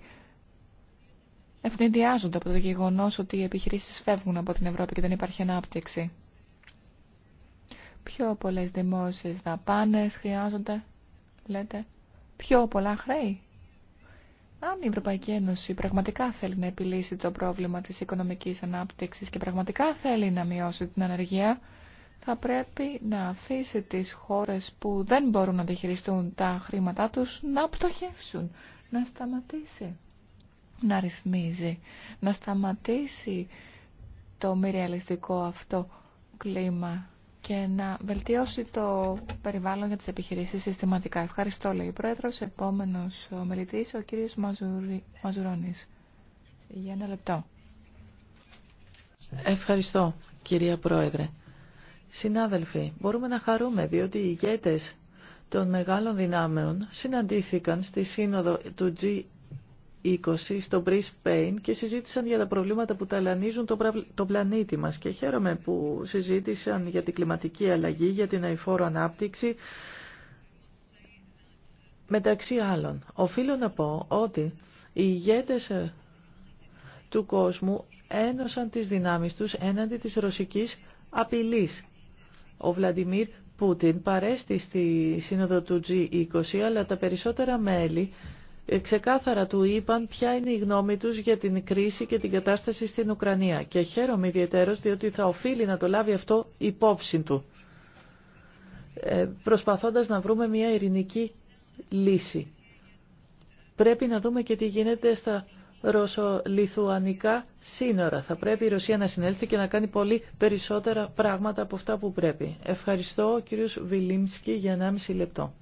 ευνηδιάζονται από το γεγονός ότι οι επιχειρήσεις φεύγουν από την Ευρώπη και δεν υπάρχει ανάπτυξη. Πιο πολλές δημόσιες δαπάνες χρειάζονται, λέτε πιο πολλά χρέη. Αν η Ευρωπαϊκή Ένωση πραγματικά θέλει να επιλύσει το πρόβλημα της οικονομικής ανάπτυξης και πραγματικά θέλει να μειώσει την ανεργία, θα πρέπει να αφήσει τις χώρες που δεν μπορούν να διαχειριστούν τα χρήματά τους να πτωχεύσουν, να σταματήσει να ρυθμίζει, να σταματήσει το μη ρεαλιστικό αυτό κλίμα και να βελτιώσει το περιβάλλον για τις επιχειρήσεις συστηματικά. Ευχαριστώ, λέει ο Πρόεδρος. Επόμενος ο μελητής, ο κύριος Μαζουρι... Μαζουρώνης. Για ένα λεπτό. Ευχαριστώ, κυρία Πρόεδρε. Συνάδελφοι, μπορούμε να χαρούμε διότι οι ηγέτες των μεγάλων δυνάμεων συναντήθηκαν στη σύνοδο του g 20 στο Πέιν και συζήτησαν για τα προβλήματα που ταλανίζουν το πλανήτη μας και χαίρομαι που συζήτησαν για την κλιματική αλλαγή, για την αηφόρο ανάπτυξη μεταξύ άλλων. Οφείλω να πω ότι οι ηγέτες ε, του κόσμου ένωσαν τις δυνάμεις τους έναντι της ρωσικής απειλής. Ο Βλαντιμίρ Πούτιν παρέστη στη σύνοδο του G20, αλλά τα περισσότερα μέλη ξεκάθαρα του είπαν ποια είναι η γνώμη τους για την κρίση και την κατάσταση στην Ουκρανία. Και χαίρομαι ιδιαίτερος διότι θα οφείλει να το λάβει αυτό υπόψη του, ε, προσπαθώντας να βρούμε μια ειρηνική λύση. Πρέπει να δούμε και τι γίνεται στα ρωσο-λιθουανικά σύνορα. Θα πρέπει η Ρωσία να συνέλθει και να κάνει πολύ περισσότερα πράγματα από αυτά που πρέπει. Ευχαριστώ, κύριος Βιλίνσκι, για 1,5 λεπτό.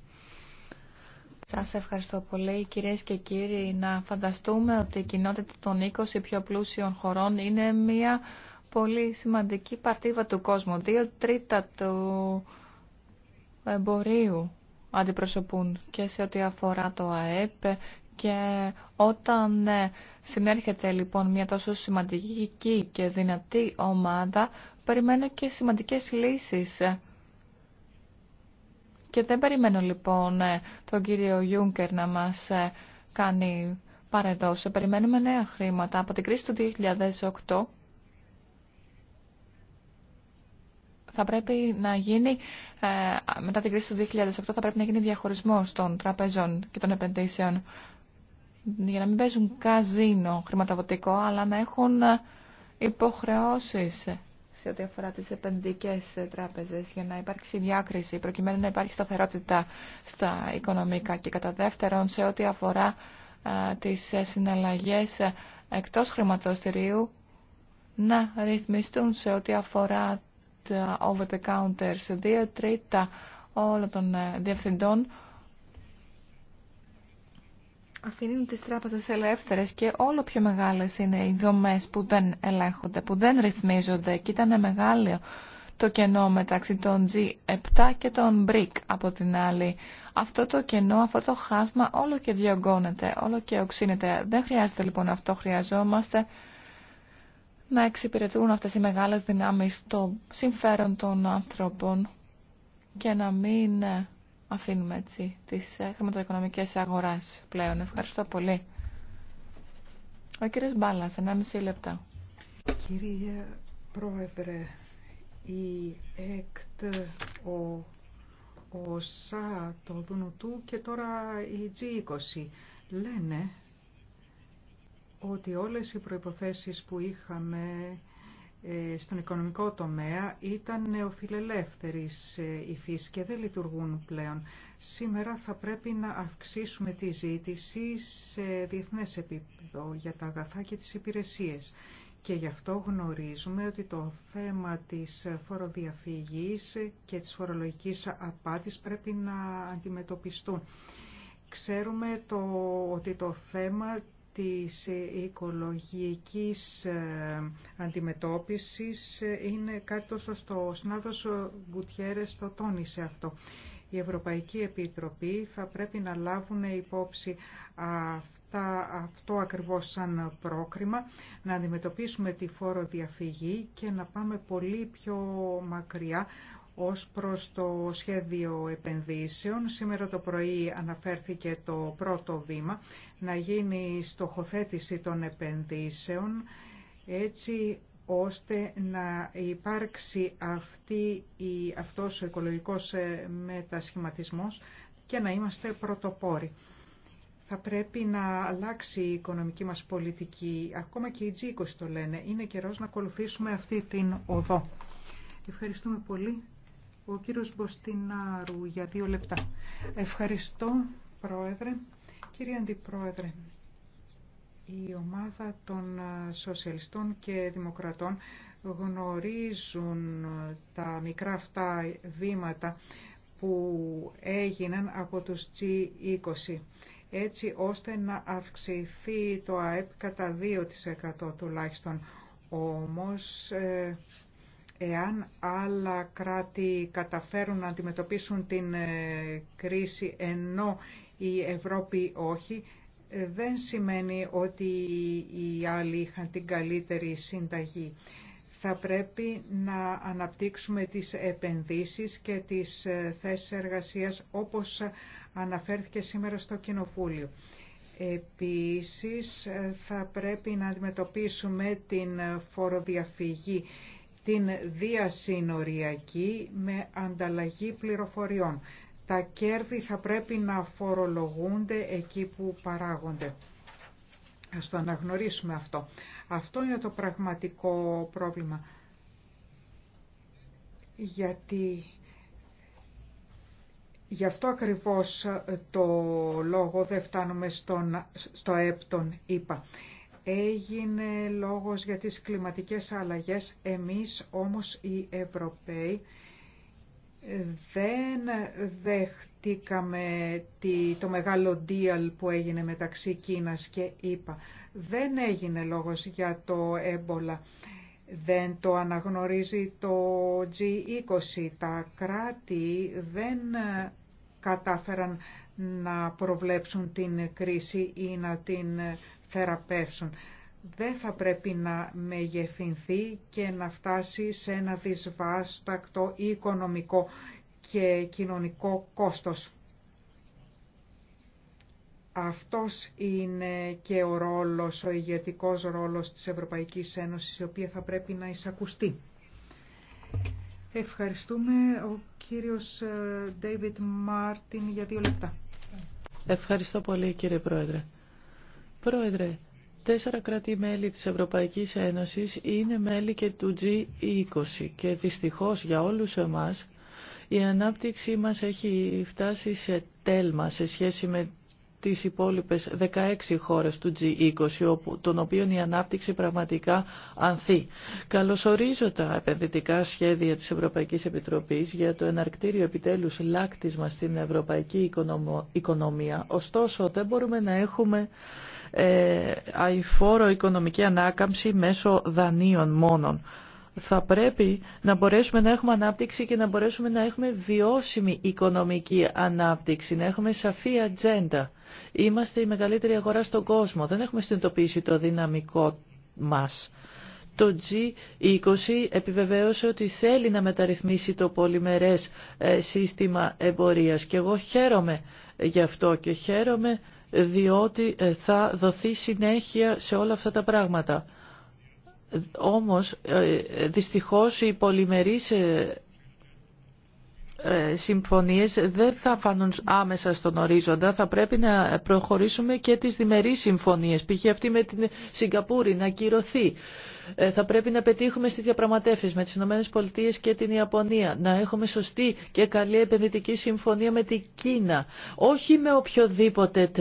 Σας ευχαριστώ πολύ κυρίες και κύριοι. Να φανταστούμε ότι η κοινότητα των 20 πιο πλούσιων χωρών είναι μια πολύ σημαντική παρτίδα του κόσμου. Δύο τρίτα του εμπορίου αντιπροσωπούν και σε ό,τι αφορά το ΑΕΠ και όταν ε, συνέρχεται λοιπόν μια τόσο σημαντική και δυνατή ομάδα περιμένω και σημαντικές λύσεις και δεν περιμένω λοιπόν ε, τον κύριο Γιούγκερ να μας ε, κάνει παρεδόση. Περιμένουμε νέα χρήματα. Από την κρίση του 2008 θα πρέπει να γίνει, ε, μετά την κρίση του 2008 θα πρέπει να γίνει διαχωρισμός των τραπεζών και των επενδύσεων για να μην παίζουν καζίνο χρηματοδοτικό, αλλά να έχουν υποχρεώσεις σε ό,τι αφορά τις επενδυτικές τράπεζες για να υπάρξει διάκριση προκειμένου να υπάρχει σταθερότητα στα οικονομικά και κατά δεύτερον σε ό,τι αφορά τις συναλλαγές εκτός χρηματοστηρίου να ρυθμιστούν σε ό,τι αφορά τα over-the-counters. Δύο τρίτα όλων των ε, διευθυντών αφήνουν τις τράπεζες ελεύθερες και όλο πιο μεγάλες είναι οι δομές που δεν ελέγχονται, που δεν ρυθμίζονται και ήταν μεγάλο το κενό μεταξύ των G7 και των BRIC από την άλλη. Αυτό το κενό, αυτό το χάσμα όλο και διωγγώνεται, όλο και οξύνεται. Δεν χρειάζεται λοιπόν αυτό, χρειαζόμαστε να εξυπηρετούν αυτές οι μεγάλες δυνάμεις το συμφέρον των άνθρωπων και να μην αφήνουμε έτσι τις ε, χρηματοοικονομικές αγοράς πλέον. Ευχαριστώ πολύ. Ο κύριος Μπάλλας, 1,5 λεπτά. Κύριε Πρόεδρε, η ΕΚΤ, ο, ο ΣΑ, το και τώρα η G20 λένε ότι όλες οι προϋποθέσεις που είχαμε ε, στον οικονομικό τομέα ήταν νεοφιλελεύθερης η ε, φύση και δεν λειτουργούν πλέον. Σήμερα θα πρέπει να αυξήσουμε τη ζήτηση σε διεθνές επίπεδο για τα αγαθά και τις υπηρεσίες. Και γι' αυτό γνωρίζουμε ότι το θέμα της φοροδιαφυγής και της φορολογικής απάτης πρέπει να αντιμετωπιστούν. Ξέρουμε το, ότι το θέμα της οικολογικής ε, αντιμετώπισης είναι κάτι το σωστό. Ο Συνάδος το τόνισε αυτό. Η Ευρωπαϊκή Επιτροπή θα πρέπει να λάβουν υπόψη αυτά, αυτό ακριβώς σαν πρόκριμα, να αντιμετωπίσουμε τη φόρο διαφυγή και να πάμε πολύ πιο μακριά ως προς το σχέδιο επενδύσεων, σήμερα το πρωί αναφέρθηκε το πρώτο βήμα να γίνει στοχοθέτηση των επενδύσεων έτσι ώστε να υπάρξει αυτή η, αυτός ο οικολογικός ε, μετασχηματισμός και να είμαστε πρωτοπόροι. Θα πρέπει να αλλάξει η οικονομική μας πολιτική, ακόμα και οι G20 το λένε. Είναι καιρός να ακολουθήσουμε αυτή την οδό. Ευχαριστούμε πολύ. Ο κύριος Μποστινάρου για δύο λεπτά. Ευχαριστώ, Πρόεδρε. Κύριε Αντιπρόεδρε, η ομάδα των σοσιαλιστών και δημοκρατών γνωρίζουν τα μικρά αυτά βήματα που έγιναν από τους G20 έτσι ώστε να αυξηθεί το ΑΕΠ κατά 2% τουλάχιστον. Όμως ε, Εάν άλλα κράτη καταφέρουν να αντιμετωπίσουν την ε, κρίση ενώ η Ευρώπη όχι, ε, δεν σημαίνει ότι οι άλλοι είχαν την καλύτερη συνταγή. Θα πρέπει να αναπτύξουμε τις επενδύσεις και τις ε, θέσεις εργασίας όπως αναφέρθηκε σήμερα στο Κοινοβούλιο. Επίσης θα πρέπει να αντιμετωπίσουμε την φοροδιαφυγή την διασυνοριακή με ανταλλαγή πληροφοριών. Τα κέρδη θα πρέπει να φορολογούνται εκεί που παράγονται. Ας το αναγνωρίσουμε αυτό. Αυτό είναι το πραγματικό πρόβλημα. Γιατί γι' αυτό ακριβώς το λόγο δεν φτάνουμε στο έπτον είπα έγινε λόγος για τις κλιματικές αλλαγές. Εμείς όμως οι Ευρωπαίοι δεν δέχτηκαμε το μεγάλο deal που έγινε μεταξύ Κίνας και ΗΠΑ. Δεν έγινε λόγος για το έμπολα. Δεν το αναγνωρίζει το G20. Τα κράτη δεν κατάφεραν να προβλέψουν την κρίση ή να την θεραπεύσουν. Δεν θα πρέπει να μεγεθυνθεί και να φτάσει σε ένα δυσβάστακτο οικονομικό και κοινωνικό κόστος. Αυτός είναι και ο ρόλος, ο ηγετικός ρόλος της Ευρωπαϊκής Ένωσης, η οποία θα πρέπει να εισακουστεί. Ευχαριστούμε ο κύριος ε, David Μάρτιν για δύο λεπτά. Ευχαριστώ πολύ κύριε Πρόεδρε. Πρόεδρε, τέσσερα κράτη-μέλη της Ευρωπαϊκής Ένωσης είναι μέλη και του G20 και δυστυχώς για όλους εμάς η ανάπτυξή μας έχει φτάσει σε τέλμα σε σχέση με τις υπόλοιπες 16 χώρες του G20, όπου, των οποίων η ανάπτυξη πραγματικά ανθεί. Καλωσορίζω τα επενδυτικά σχέδια της Ευρωπαϊκής Επιτροπής για το εναρκτήριο επιτέλους λάκτισμα στην ευρωπαϊκή οικονομία. Ωστόσο, δεν μπορούμε να έχουμε ε, αηφόρο οικονομική ανάκαμψη μέσω δανείων μόνον. Θα πρέπει να μπορέσουμε να έχουμε ανάπτυξη και να μπορέσουμε να έχουμε βιώσιμη οικονομική ανάπτυξη, να έχουμε σαφή ατζέντα. Είμαστε η μεγαλύτερη αγορά στον κόσμο. Δεν έχουμε συνειδητοποιήσει το δυναμικό μας. Το G20 επιβεβαίωσε ότι θέλει να μεταρρυθμίσει το πολυμερές ε, σύστημα εμπορίας και εγώ χαίρομαι γι' αυτό και χαίρομαι διότι ε, θα δοθεί συνέχεια σε όλα αυτά τα πράγματα. Όμως ε, ε, δυστυχώς οι πολυμερείς ε, συμφωνίες δεν θα φανούν άμεσα στον ορίζοντα. Θα πρέπει να προχωρήσουμε και τις διμερείς συμφωνίες. Π.χ. αυτή με την Σιγκαπούρη να κυρωθεί. Ε, θα πρέπει να πετύχουμε στις διαπραγματεύσεις με τις ΗΠΑ και την Ιαπωνία. Να έχουμε σωστή και καλή επενδυτική συμφωνία με την Κίνα. Όχι με οποιοδήποτε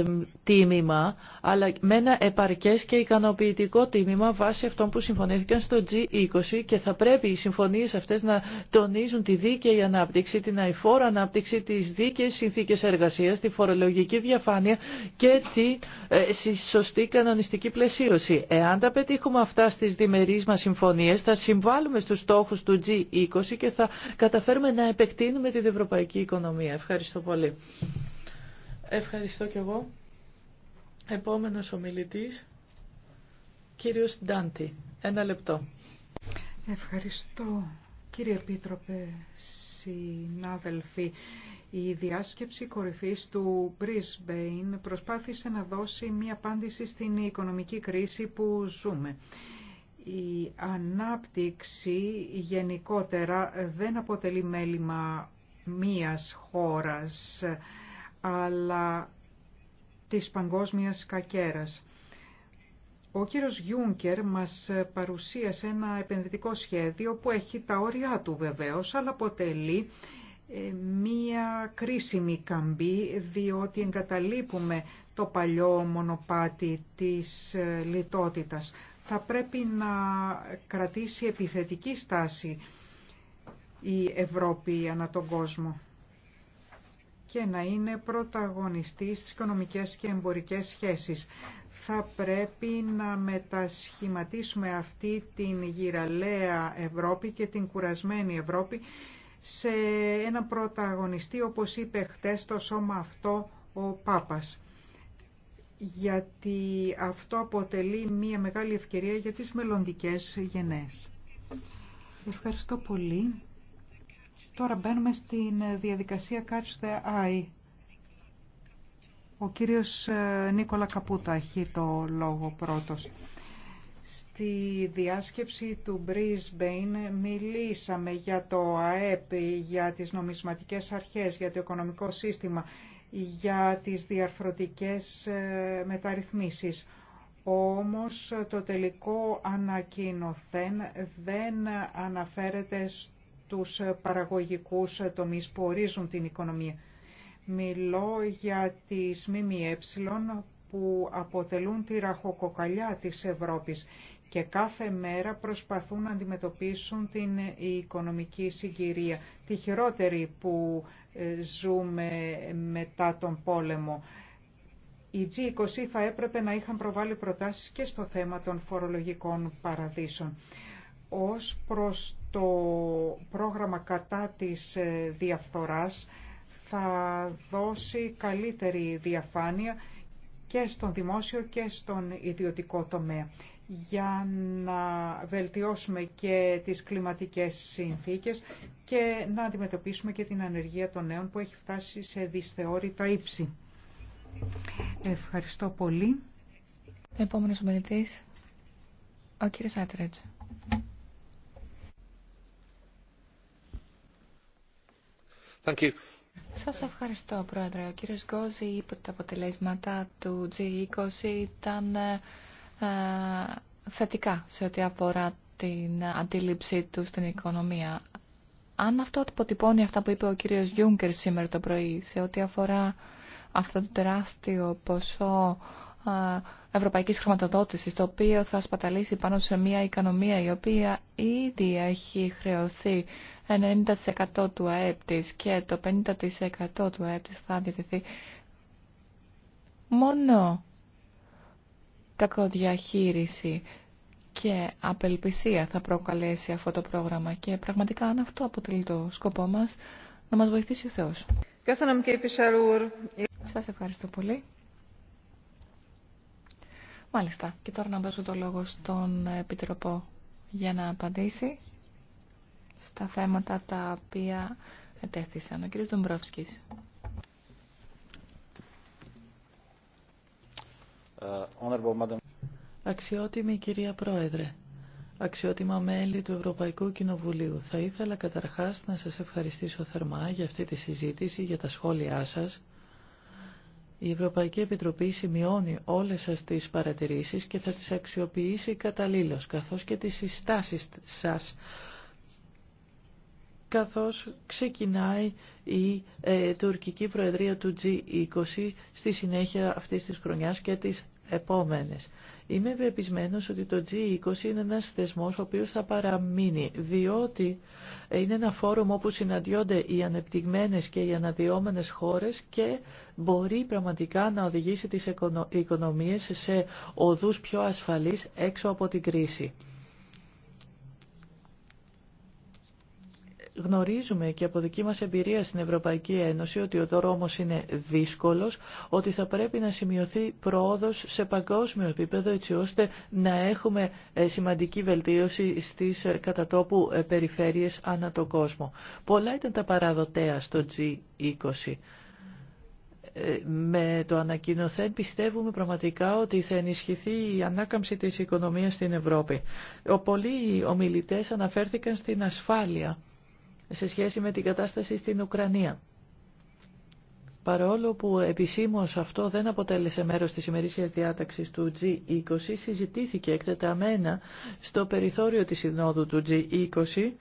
τίμημα, αλλά με ένα επαρκές και ικανοποιητικό τίμημα βάσει αυτών που συμφωνήθηκαν στο G20 και θα πρέπει οι συμφωνίες αυτές να τονίζουν τη δίκαιη ανάπτυξη, την αηφόρα ανάπτυξη, τις δίκαιες συνθήκες εργασίας, τη φορολογική διαφάνεια και τη ε, σωστή κανονιστική πλαισίωση. Εάν τα πετύχουμε αυτά στις διμερείς μα συμφωνίες, θα συμβάλλουμε στους στόχους του G20 και θα καταφέρουμε να επεκτείνουμε την ευρωπαϊκή οικονομία. Ευχαριστώ πολύ. Ευχαριστώ κι εγώ. Επόμενος ομιλητής, κύριος Ντάντι. Ένα λεπτό. Ευχαριστώ κύριε Επίτροπε συνάδελφοι. Η διάσκεψη κορυφής του Brisbane προσπάθησε να δώσει μία απάντηση στην οικονομική κρίση που ζούμε. Η ανάπτυξη γενικότερα δεν αποτελεί μέλημα μίας χώρας, αλλά της παγκόσμιας κακέρας. Ο κύριος Γιούνκερ μας παρουσίασε ένα επενδυτικό σχέδιο που έχει τα όρια του βεβαίως, αλλά αποτελεί ε, μία κρίσιμη καμπή, διότι εγκαταλείπουμε το παλιό μονοπάτι της ε, λιτότητας. Θα πρέπει να κρατήσει επιθετική στάση η Ευρώπη ανά τον κόσμο και να είναι πρωταγωνιστής στις οικονομικές και εμπορικές σχέσεις θα πρέπει να μετασχηματίσουμε αυτή την γυραλέα Ευρώπη και την κουρασμένη Ευρώπη σε ένα πρωταγωνιστή, όπως είπε χτες το σώμα αυτό ο Πάπας. Γιατί αυτό αποτελεί μια μεγάλη ευκαιρία για τις μελλοντικές γενναίες. Ευχαριστώ πολύ. Τώρα μπαίνουμε στην διαδικασία Catch the Eye. Ο κύριος ε, Νίκολα Καπούτα έχει το λόγο πρώτος. Στη διάσκεψη του Brisbane μιλήσαμε για το ΑΕΠ, για τις νομισματικές αρχές, για το οικονομικό σύστημα, για τις διαρθρωτικές ε, μεταρρυθμίσεις. Όμως το τελικό ανακοινωθέν δεν αναφέρεται στους παραγωγικούς τομείς που ορίζουν την οικονομία Μιλώ για τις ΜΜΕ που αποτελούν τη ραχοκοκαλιά της Ευρώπης και κάθε μέρα προσπαθούν να αντιμετωπίσουν την οικονομική συγκυρία, τη χειρότερη που ε, ζούμε μετά τον πόλεμο. Οι G20 θα έπρεπε να είχαν προβάλει προτάσεις και στο θέμα των φορολογικών παραδείσων. Ως προς το πρόγραμμα κατά της ε, διαφθοράς, θα δώσει καλύτερη διαφάνεια και στον δημόσιο και στον ιδιωτικό τομέα για να βελτιώσουμε και τις κλιματικές συνθήκες και να αντιμετωπίσουμε και την ανεργία των νέων που έχει φτάσει σε δυσθεώρητα ύψη. Ευχαριστώ πολύ. Επόμενος ομιλητής, ο κύριος Άτρετς. Thank you. Σας ευχαριστώ, Πρόεδρε. Ο κύριος Γκόζη είπε ότι τα αποτελέσματα του G20 ήταν ε, ε, θετικά σε ό,τι αφορά την αντίληψή του στην οικονομία. Αν αυτό αποτυπώνει αυτά που είπε ο κύριος Γιούγκερ σήμερα το πρωί σε ό,τι αφορά αυτό το τεράστιο ποσό ε, ευρωπαϊκής χρηματοδότησης το οποίο θα σπαταλήσει πάνω σε μια οικονομία η οποία ήδη έχει χρεωθεί 90% του ΑΕΠ της και το 50% του ΑΕΠ της θα διατηθεί μόνο κακοδιαχείριση και απελπισία θα προκαλέσει αυτό το πρόγραμμα και πραγματικά αν αυτό αποτελεί το σκοπό μας να μας βοηθήσει ο Θεός. Σας ευχαριστώ πολύ. Μάλιστα. Και τώρα να δώσω το λόγο στον Επιτροπό για να απαντήσει στα θέματα τα οποία ετέθησαν. Ο κ. Δομπρόφσκης. Ε, Αξιότιμη κυρία Πρόεδρε, αξιότιμα μέλη του Ευρωπαϊκού Κοινοβουλίου, θα ήθελα καταρχάς να σας ευχαριστήσω θερμά για αυτή τη συζήτηση, για τα σχόλιά σας. Η Ευρωπαϊκή Επιτροπή σημειώνει όλες σας τις παρατηρήσεις και θα τις αξιοποιήσει καταλήλως, καθώς και τις συστάσεις σας καθώς ξεκινάει η ε, τουρκική προεδρία του G20 στη συνέχεια αυτής της χρονιάς και της επόμενες. Είμαι βεπισμένος ότι το G20 είναι ένας θεσμός ο οποίος θα παραμείνει, διότι είναι ένα φόρουμ όπου συναντιόνται οι ανεπτυγμένες και οι αναδυόμενες χώρες και μπορεί πραγματικά να οδηγήσει τις οικονομίες σε οδούς πιο ασφαλείς έξω από την κρίση. γνωρίζουμε και από δική μας εμπειρία στην Ευρωπαϊκή Ένωση ότι ο δρόμος είναι δύσκολος, ότι θα πρέπει να σημειωθεί πρόοδος σε παγκόσμιο επίπεδο έτσι ώστε να έχουμε ε, σημαντική βελτίωση στις ε, κατατόπου ε, περιφέρειες ανά τον κόσμο. Πολλά ήταν τα παραδοτέα στο G20 με το ανακοινωθέν πιστεύουμε πραγματικά ότι θα ενισχυθεί η ανάκαμψη της οικονομίας στην Ευρώπη. Ο πολλοί ομιλητές αναφέρθηκαν στην ασφάλεια σε σχέση με την κατάσταση στην Ουκρανία. Παρόλο που επισήμως αυτό δεν αποτέλεσε μέρος της ημερήσιας διάταξης του G20, συζητήθηκε εκτεταμένα στο περιθώριο της συνόδου του G20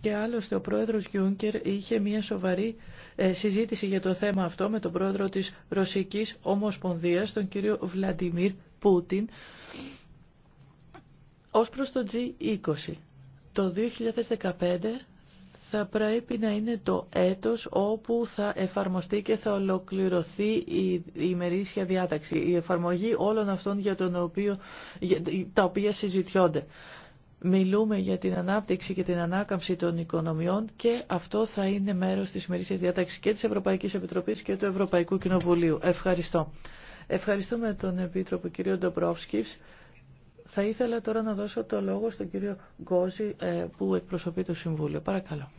και άλλωστε ο πρόεδρος Γιούνκερ είχε μια σοβαρή ε, συζήτηση για το θέμα αυτό με τον πρόεδρο της Ρωσικής Ομοσπονδίας, τον κύριο Βλαντιμίρ Πούτιν, ως προς το G20. Το 2015 θα πρέπει να είναι το έτος όπου θα εφαρμοστεί και θα ολοκληρωθεί η ημερήσια διάταξη, η εφαρμογή όλων αυτών για τον οποίο, τα οποία συζητιόνται. Μιλούμε για την ανάπτυξη και την ανάκαμψη των οικονομιών και αυτό θα είναι μέρος της ημερήσιας διάταξης και της Ευρωπαϊκής Επιτροπής και του Ευρωπαϊκού Κοινοβουλίου. Ευχαριστώ. Ευχαριστούμε τον Επίτροπο κ. Ντομπρόφσκιφς. Θα ήθελα τώρα να δώσω το λόγο στον κύριο Γκόζη ε, που εκπροσωπεί το Συμβούλιο. Παρακαλώ.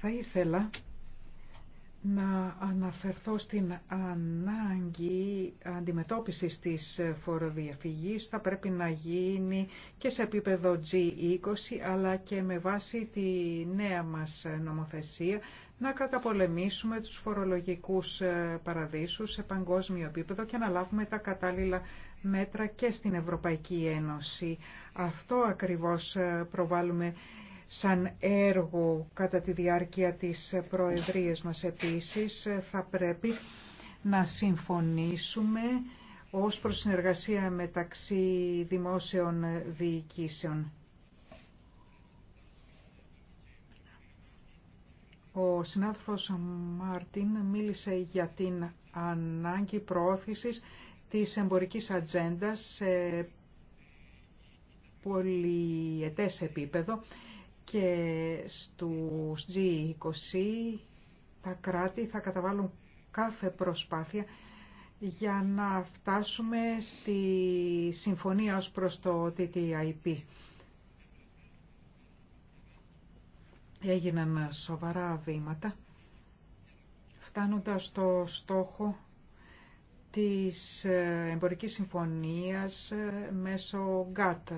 Θα ήθελα να αναφερθώ στην ανάγκη αντιμετώπισης της φοροδιαφυγής. Θα πρέπει να γίνει και σε επίπεδο G20, αλλά και με βάση τη νέα μας νομοθεσία να καταπολεμήσουμε τους φορολογικούς ε, παραδείσους σε παγκόσμιο επίπεδο και να λάβουμε τα κατάλληλα μέτρα και στην Ευρωπαϊκή Ένωση. Αυτό ακριβώς ε, προβάλλουμε σαν έργο κατά τη διάρκεια της προεδρίας μας επίσης ε, θα πρέπει να συμφωνήσουμε ως προσυνεργασία συνεργασία μεταξύ δημόσιων διοικήσεων. Ο συνάδελφος Μαρτίν μίλησε για την ανάγκη προώθησης της εμπορικής ατζέντα σε πολυετές επίπεδο και στους G20 τα κράτη θα καταβάλουν κάθε προσπάθεια για να φτάσουμε στη συμφωνία ως προς το TTIP. έγιναν σοβαρά βήματα φτάνοντας στο στόχο της ε, εμπορικής συμφωνίας ε, μέσω ΓΚΑΤ,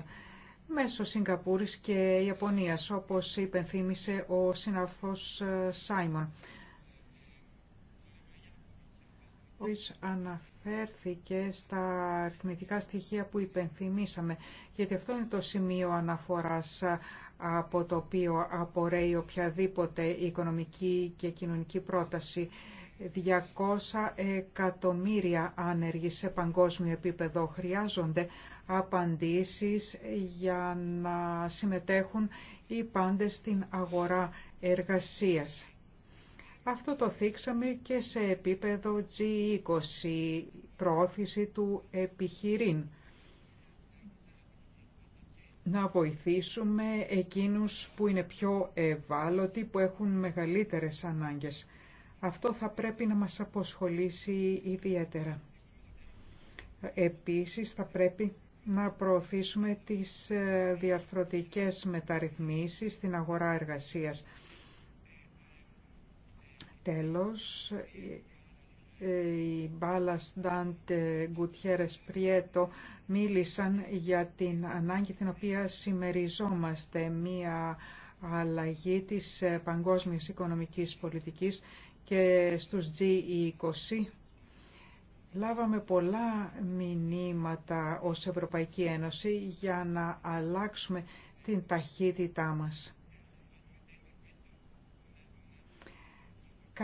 μέσω Σιγκαπούρης και Ιαπωνίας, όπως υπενθύμησε ο συνάδελφος ε, Σάιμον. Σεφκοβιτς αναφέρθηκε στα αριθμητικά στοιχεία που υπενθυμίσαμε, γιατί αυτό είναι το σημείο αναφοράς από το οποίο απορρέει οποιαδήποτε οικονομική και κοινωνική πρόταση. 200 εκατομμύρια άνεργοι σε παγκόσμιο επίπεδο χρειάζονται απαντήσεις για να συμμετέχουν οι πάντες στην αγορά εργασίας. Αυτό το θίξαμε και σε επίπεδο G20, προώθηση του επιχειρήν. Να βοηθήσουμε εκείνους που είναι πιο ευάλωτοι, που έχουν μεγαλύτερες ανάγκες. Αυτό θα πρέπει να μας αποσχολήσει ιδιαίτερα. Επίσης θα πρέπει να προωθήσουμε τις ε, διαρθρωτικές μεταρρυθμίσεις στην αγορά εργασίας Τέλος, ε, η Μπάλας Ντάντε Γκουτιέρες Πριέτο μίλησαν για την ανάγκη την οποία συμμεριζόμαστε μία αλλαγή της παγκόσμιας οικονομικής πολιτικής και στους G20. Λάβαμε πολλά μηνύματα ως Ευρωπαϊκή Ένωση για να αλλάξουμε την ταχύτητά μας.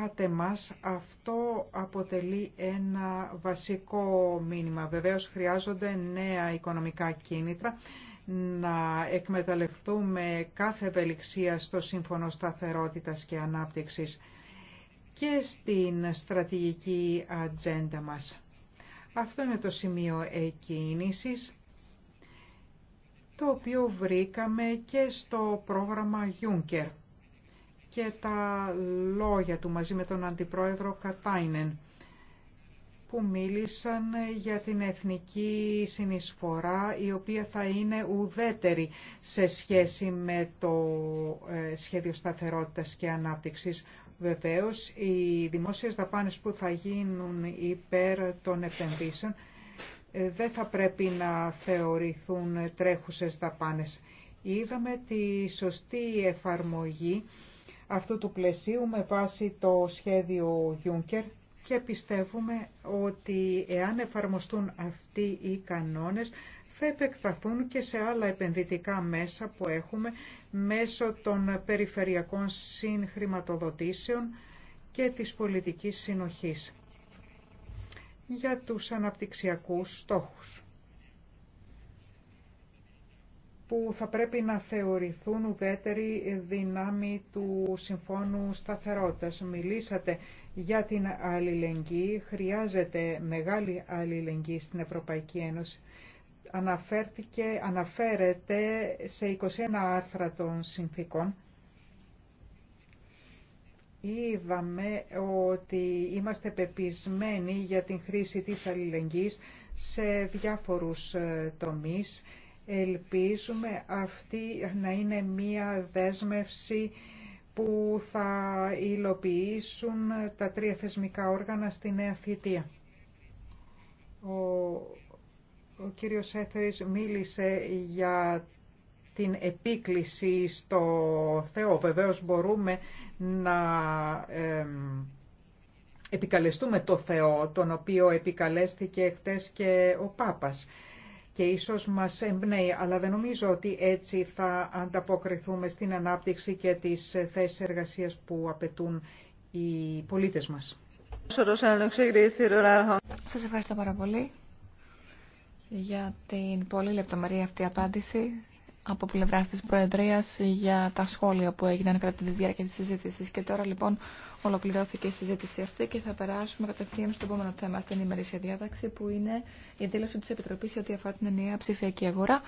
Κάτε μας, αυτό αποτελεί ένα βασικό μήνυμα. Βεβαίως χρειάζονται νέα οικονομικά κίνητρα να εκμεταλλευτούμε κάθε ευελιξία στο Σύμφωνο Σταθερότητας και Ανάπτυξης και στην στρατηγική ατζέντα μας. Αυτό είναι το σημείο εκκίνησης, το οποίο βρήκαμε και στο πρόγραμμα Juncker και τα λόγια του μαζί με τον Αντιπρόεδρο Κατάινεν που μίλησαν για την εθνική συνεισφορά η οποία θα είναι ουδέτερη σε σχέση με το ε, σχέδιο σταθερότητας και ανάπτυξης. Βεβαίως, οι δημόσιες δαπάνες που θα γίνουν υπέρ των επενδύσεων ε, δεν θα πρέπει να θεωρηθούν τρέχουσες δαπάνες. Είδαμε τη σωστή εφαρμογή αυτού του πλαισίου με βάση το σχέδιο Juncker και πιστεύουμε ότι εάν εφαρμοστούν αυτοί οι κανόνες θα επεκταθούν και σε άλλα επενδυτικά μέσα που έχουμε μέσω των περιφερειακών συγχρηματοδοτήσεων και της πολιτικής συνοχής για τους αναπτυξιακούς στόχους που θα πρέπει να θεωρηθούν ουδέτερη δύναμη του Συμφώνου Σταθερότητας. Μιλήσατε για την αλληλεγγύη. Χρειάζεται μεγάλη αλληλεγγύη στην Ευρωπαϊκή Ένωση. Αναφέρθηκε, αναφέρεται σε 21 άρθρα των συνθήκων. Είδαμε ότι είμαστε πεπισμένοι για την χρήση της αλληλεγγύης σε διάφορους ε, τομείς Ελπίζουμε αυτή να είναι μία δέσμευση που θα υλοποιήσουν τα τρία θεσμικά όργανα στη Νέα Θητεία. Ο, ο κύριος Έθερης μίλησε για την επίκληση στο Θεό. Βεβαίως μπορούμε να επικαλεστούμε το Θεό, τον οποίο επικαλέστηκε χτες και ο Πάπας και ίσως μας εμπνέει, αλλά δεν νομίζω ότι έτσι θα ανταποκριθούμε στην ανάπτυξη και τις θέσεις εργασίας που απαιτούν οι πολίτες μας. Σας ευχαριστώ πάρα πολύ για την πολύ λεπτομερή αυτή απάντηση από πλευρά της Προεδρίας για τα σχόλια που έγιναν κατά τη διάρκεια της συζήτησης. Και τώρα λοιπόν ολοκληρώθηκε η συζήτηση αυτή και θα περάσουμε κατευθείαν στο επόμενο θέμα στην ημερήσια διάταξη που είναι η δήλωση της Επιτροπής ότι αφορά την ενιαία ψηφιακή αγορά.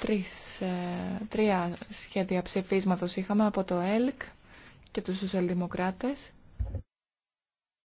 Τρεις, ε, τρία σχέδια ψηφίσματος είχαμε από το ΕΛΚ και τους Σοσιαλδημοκράτες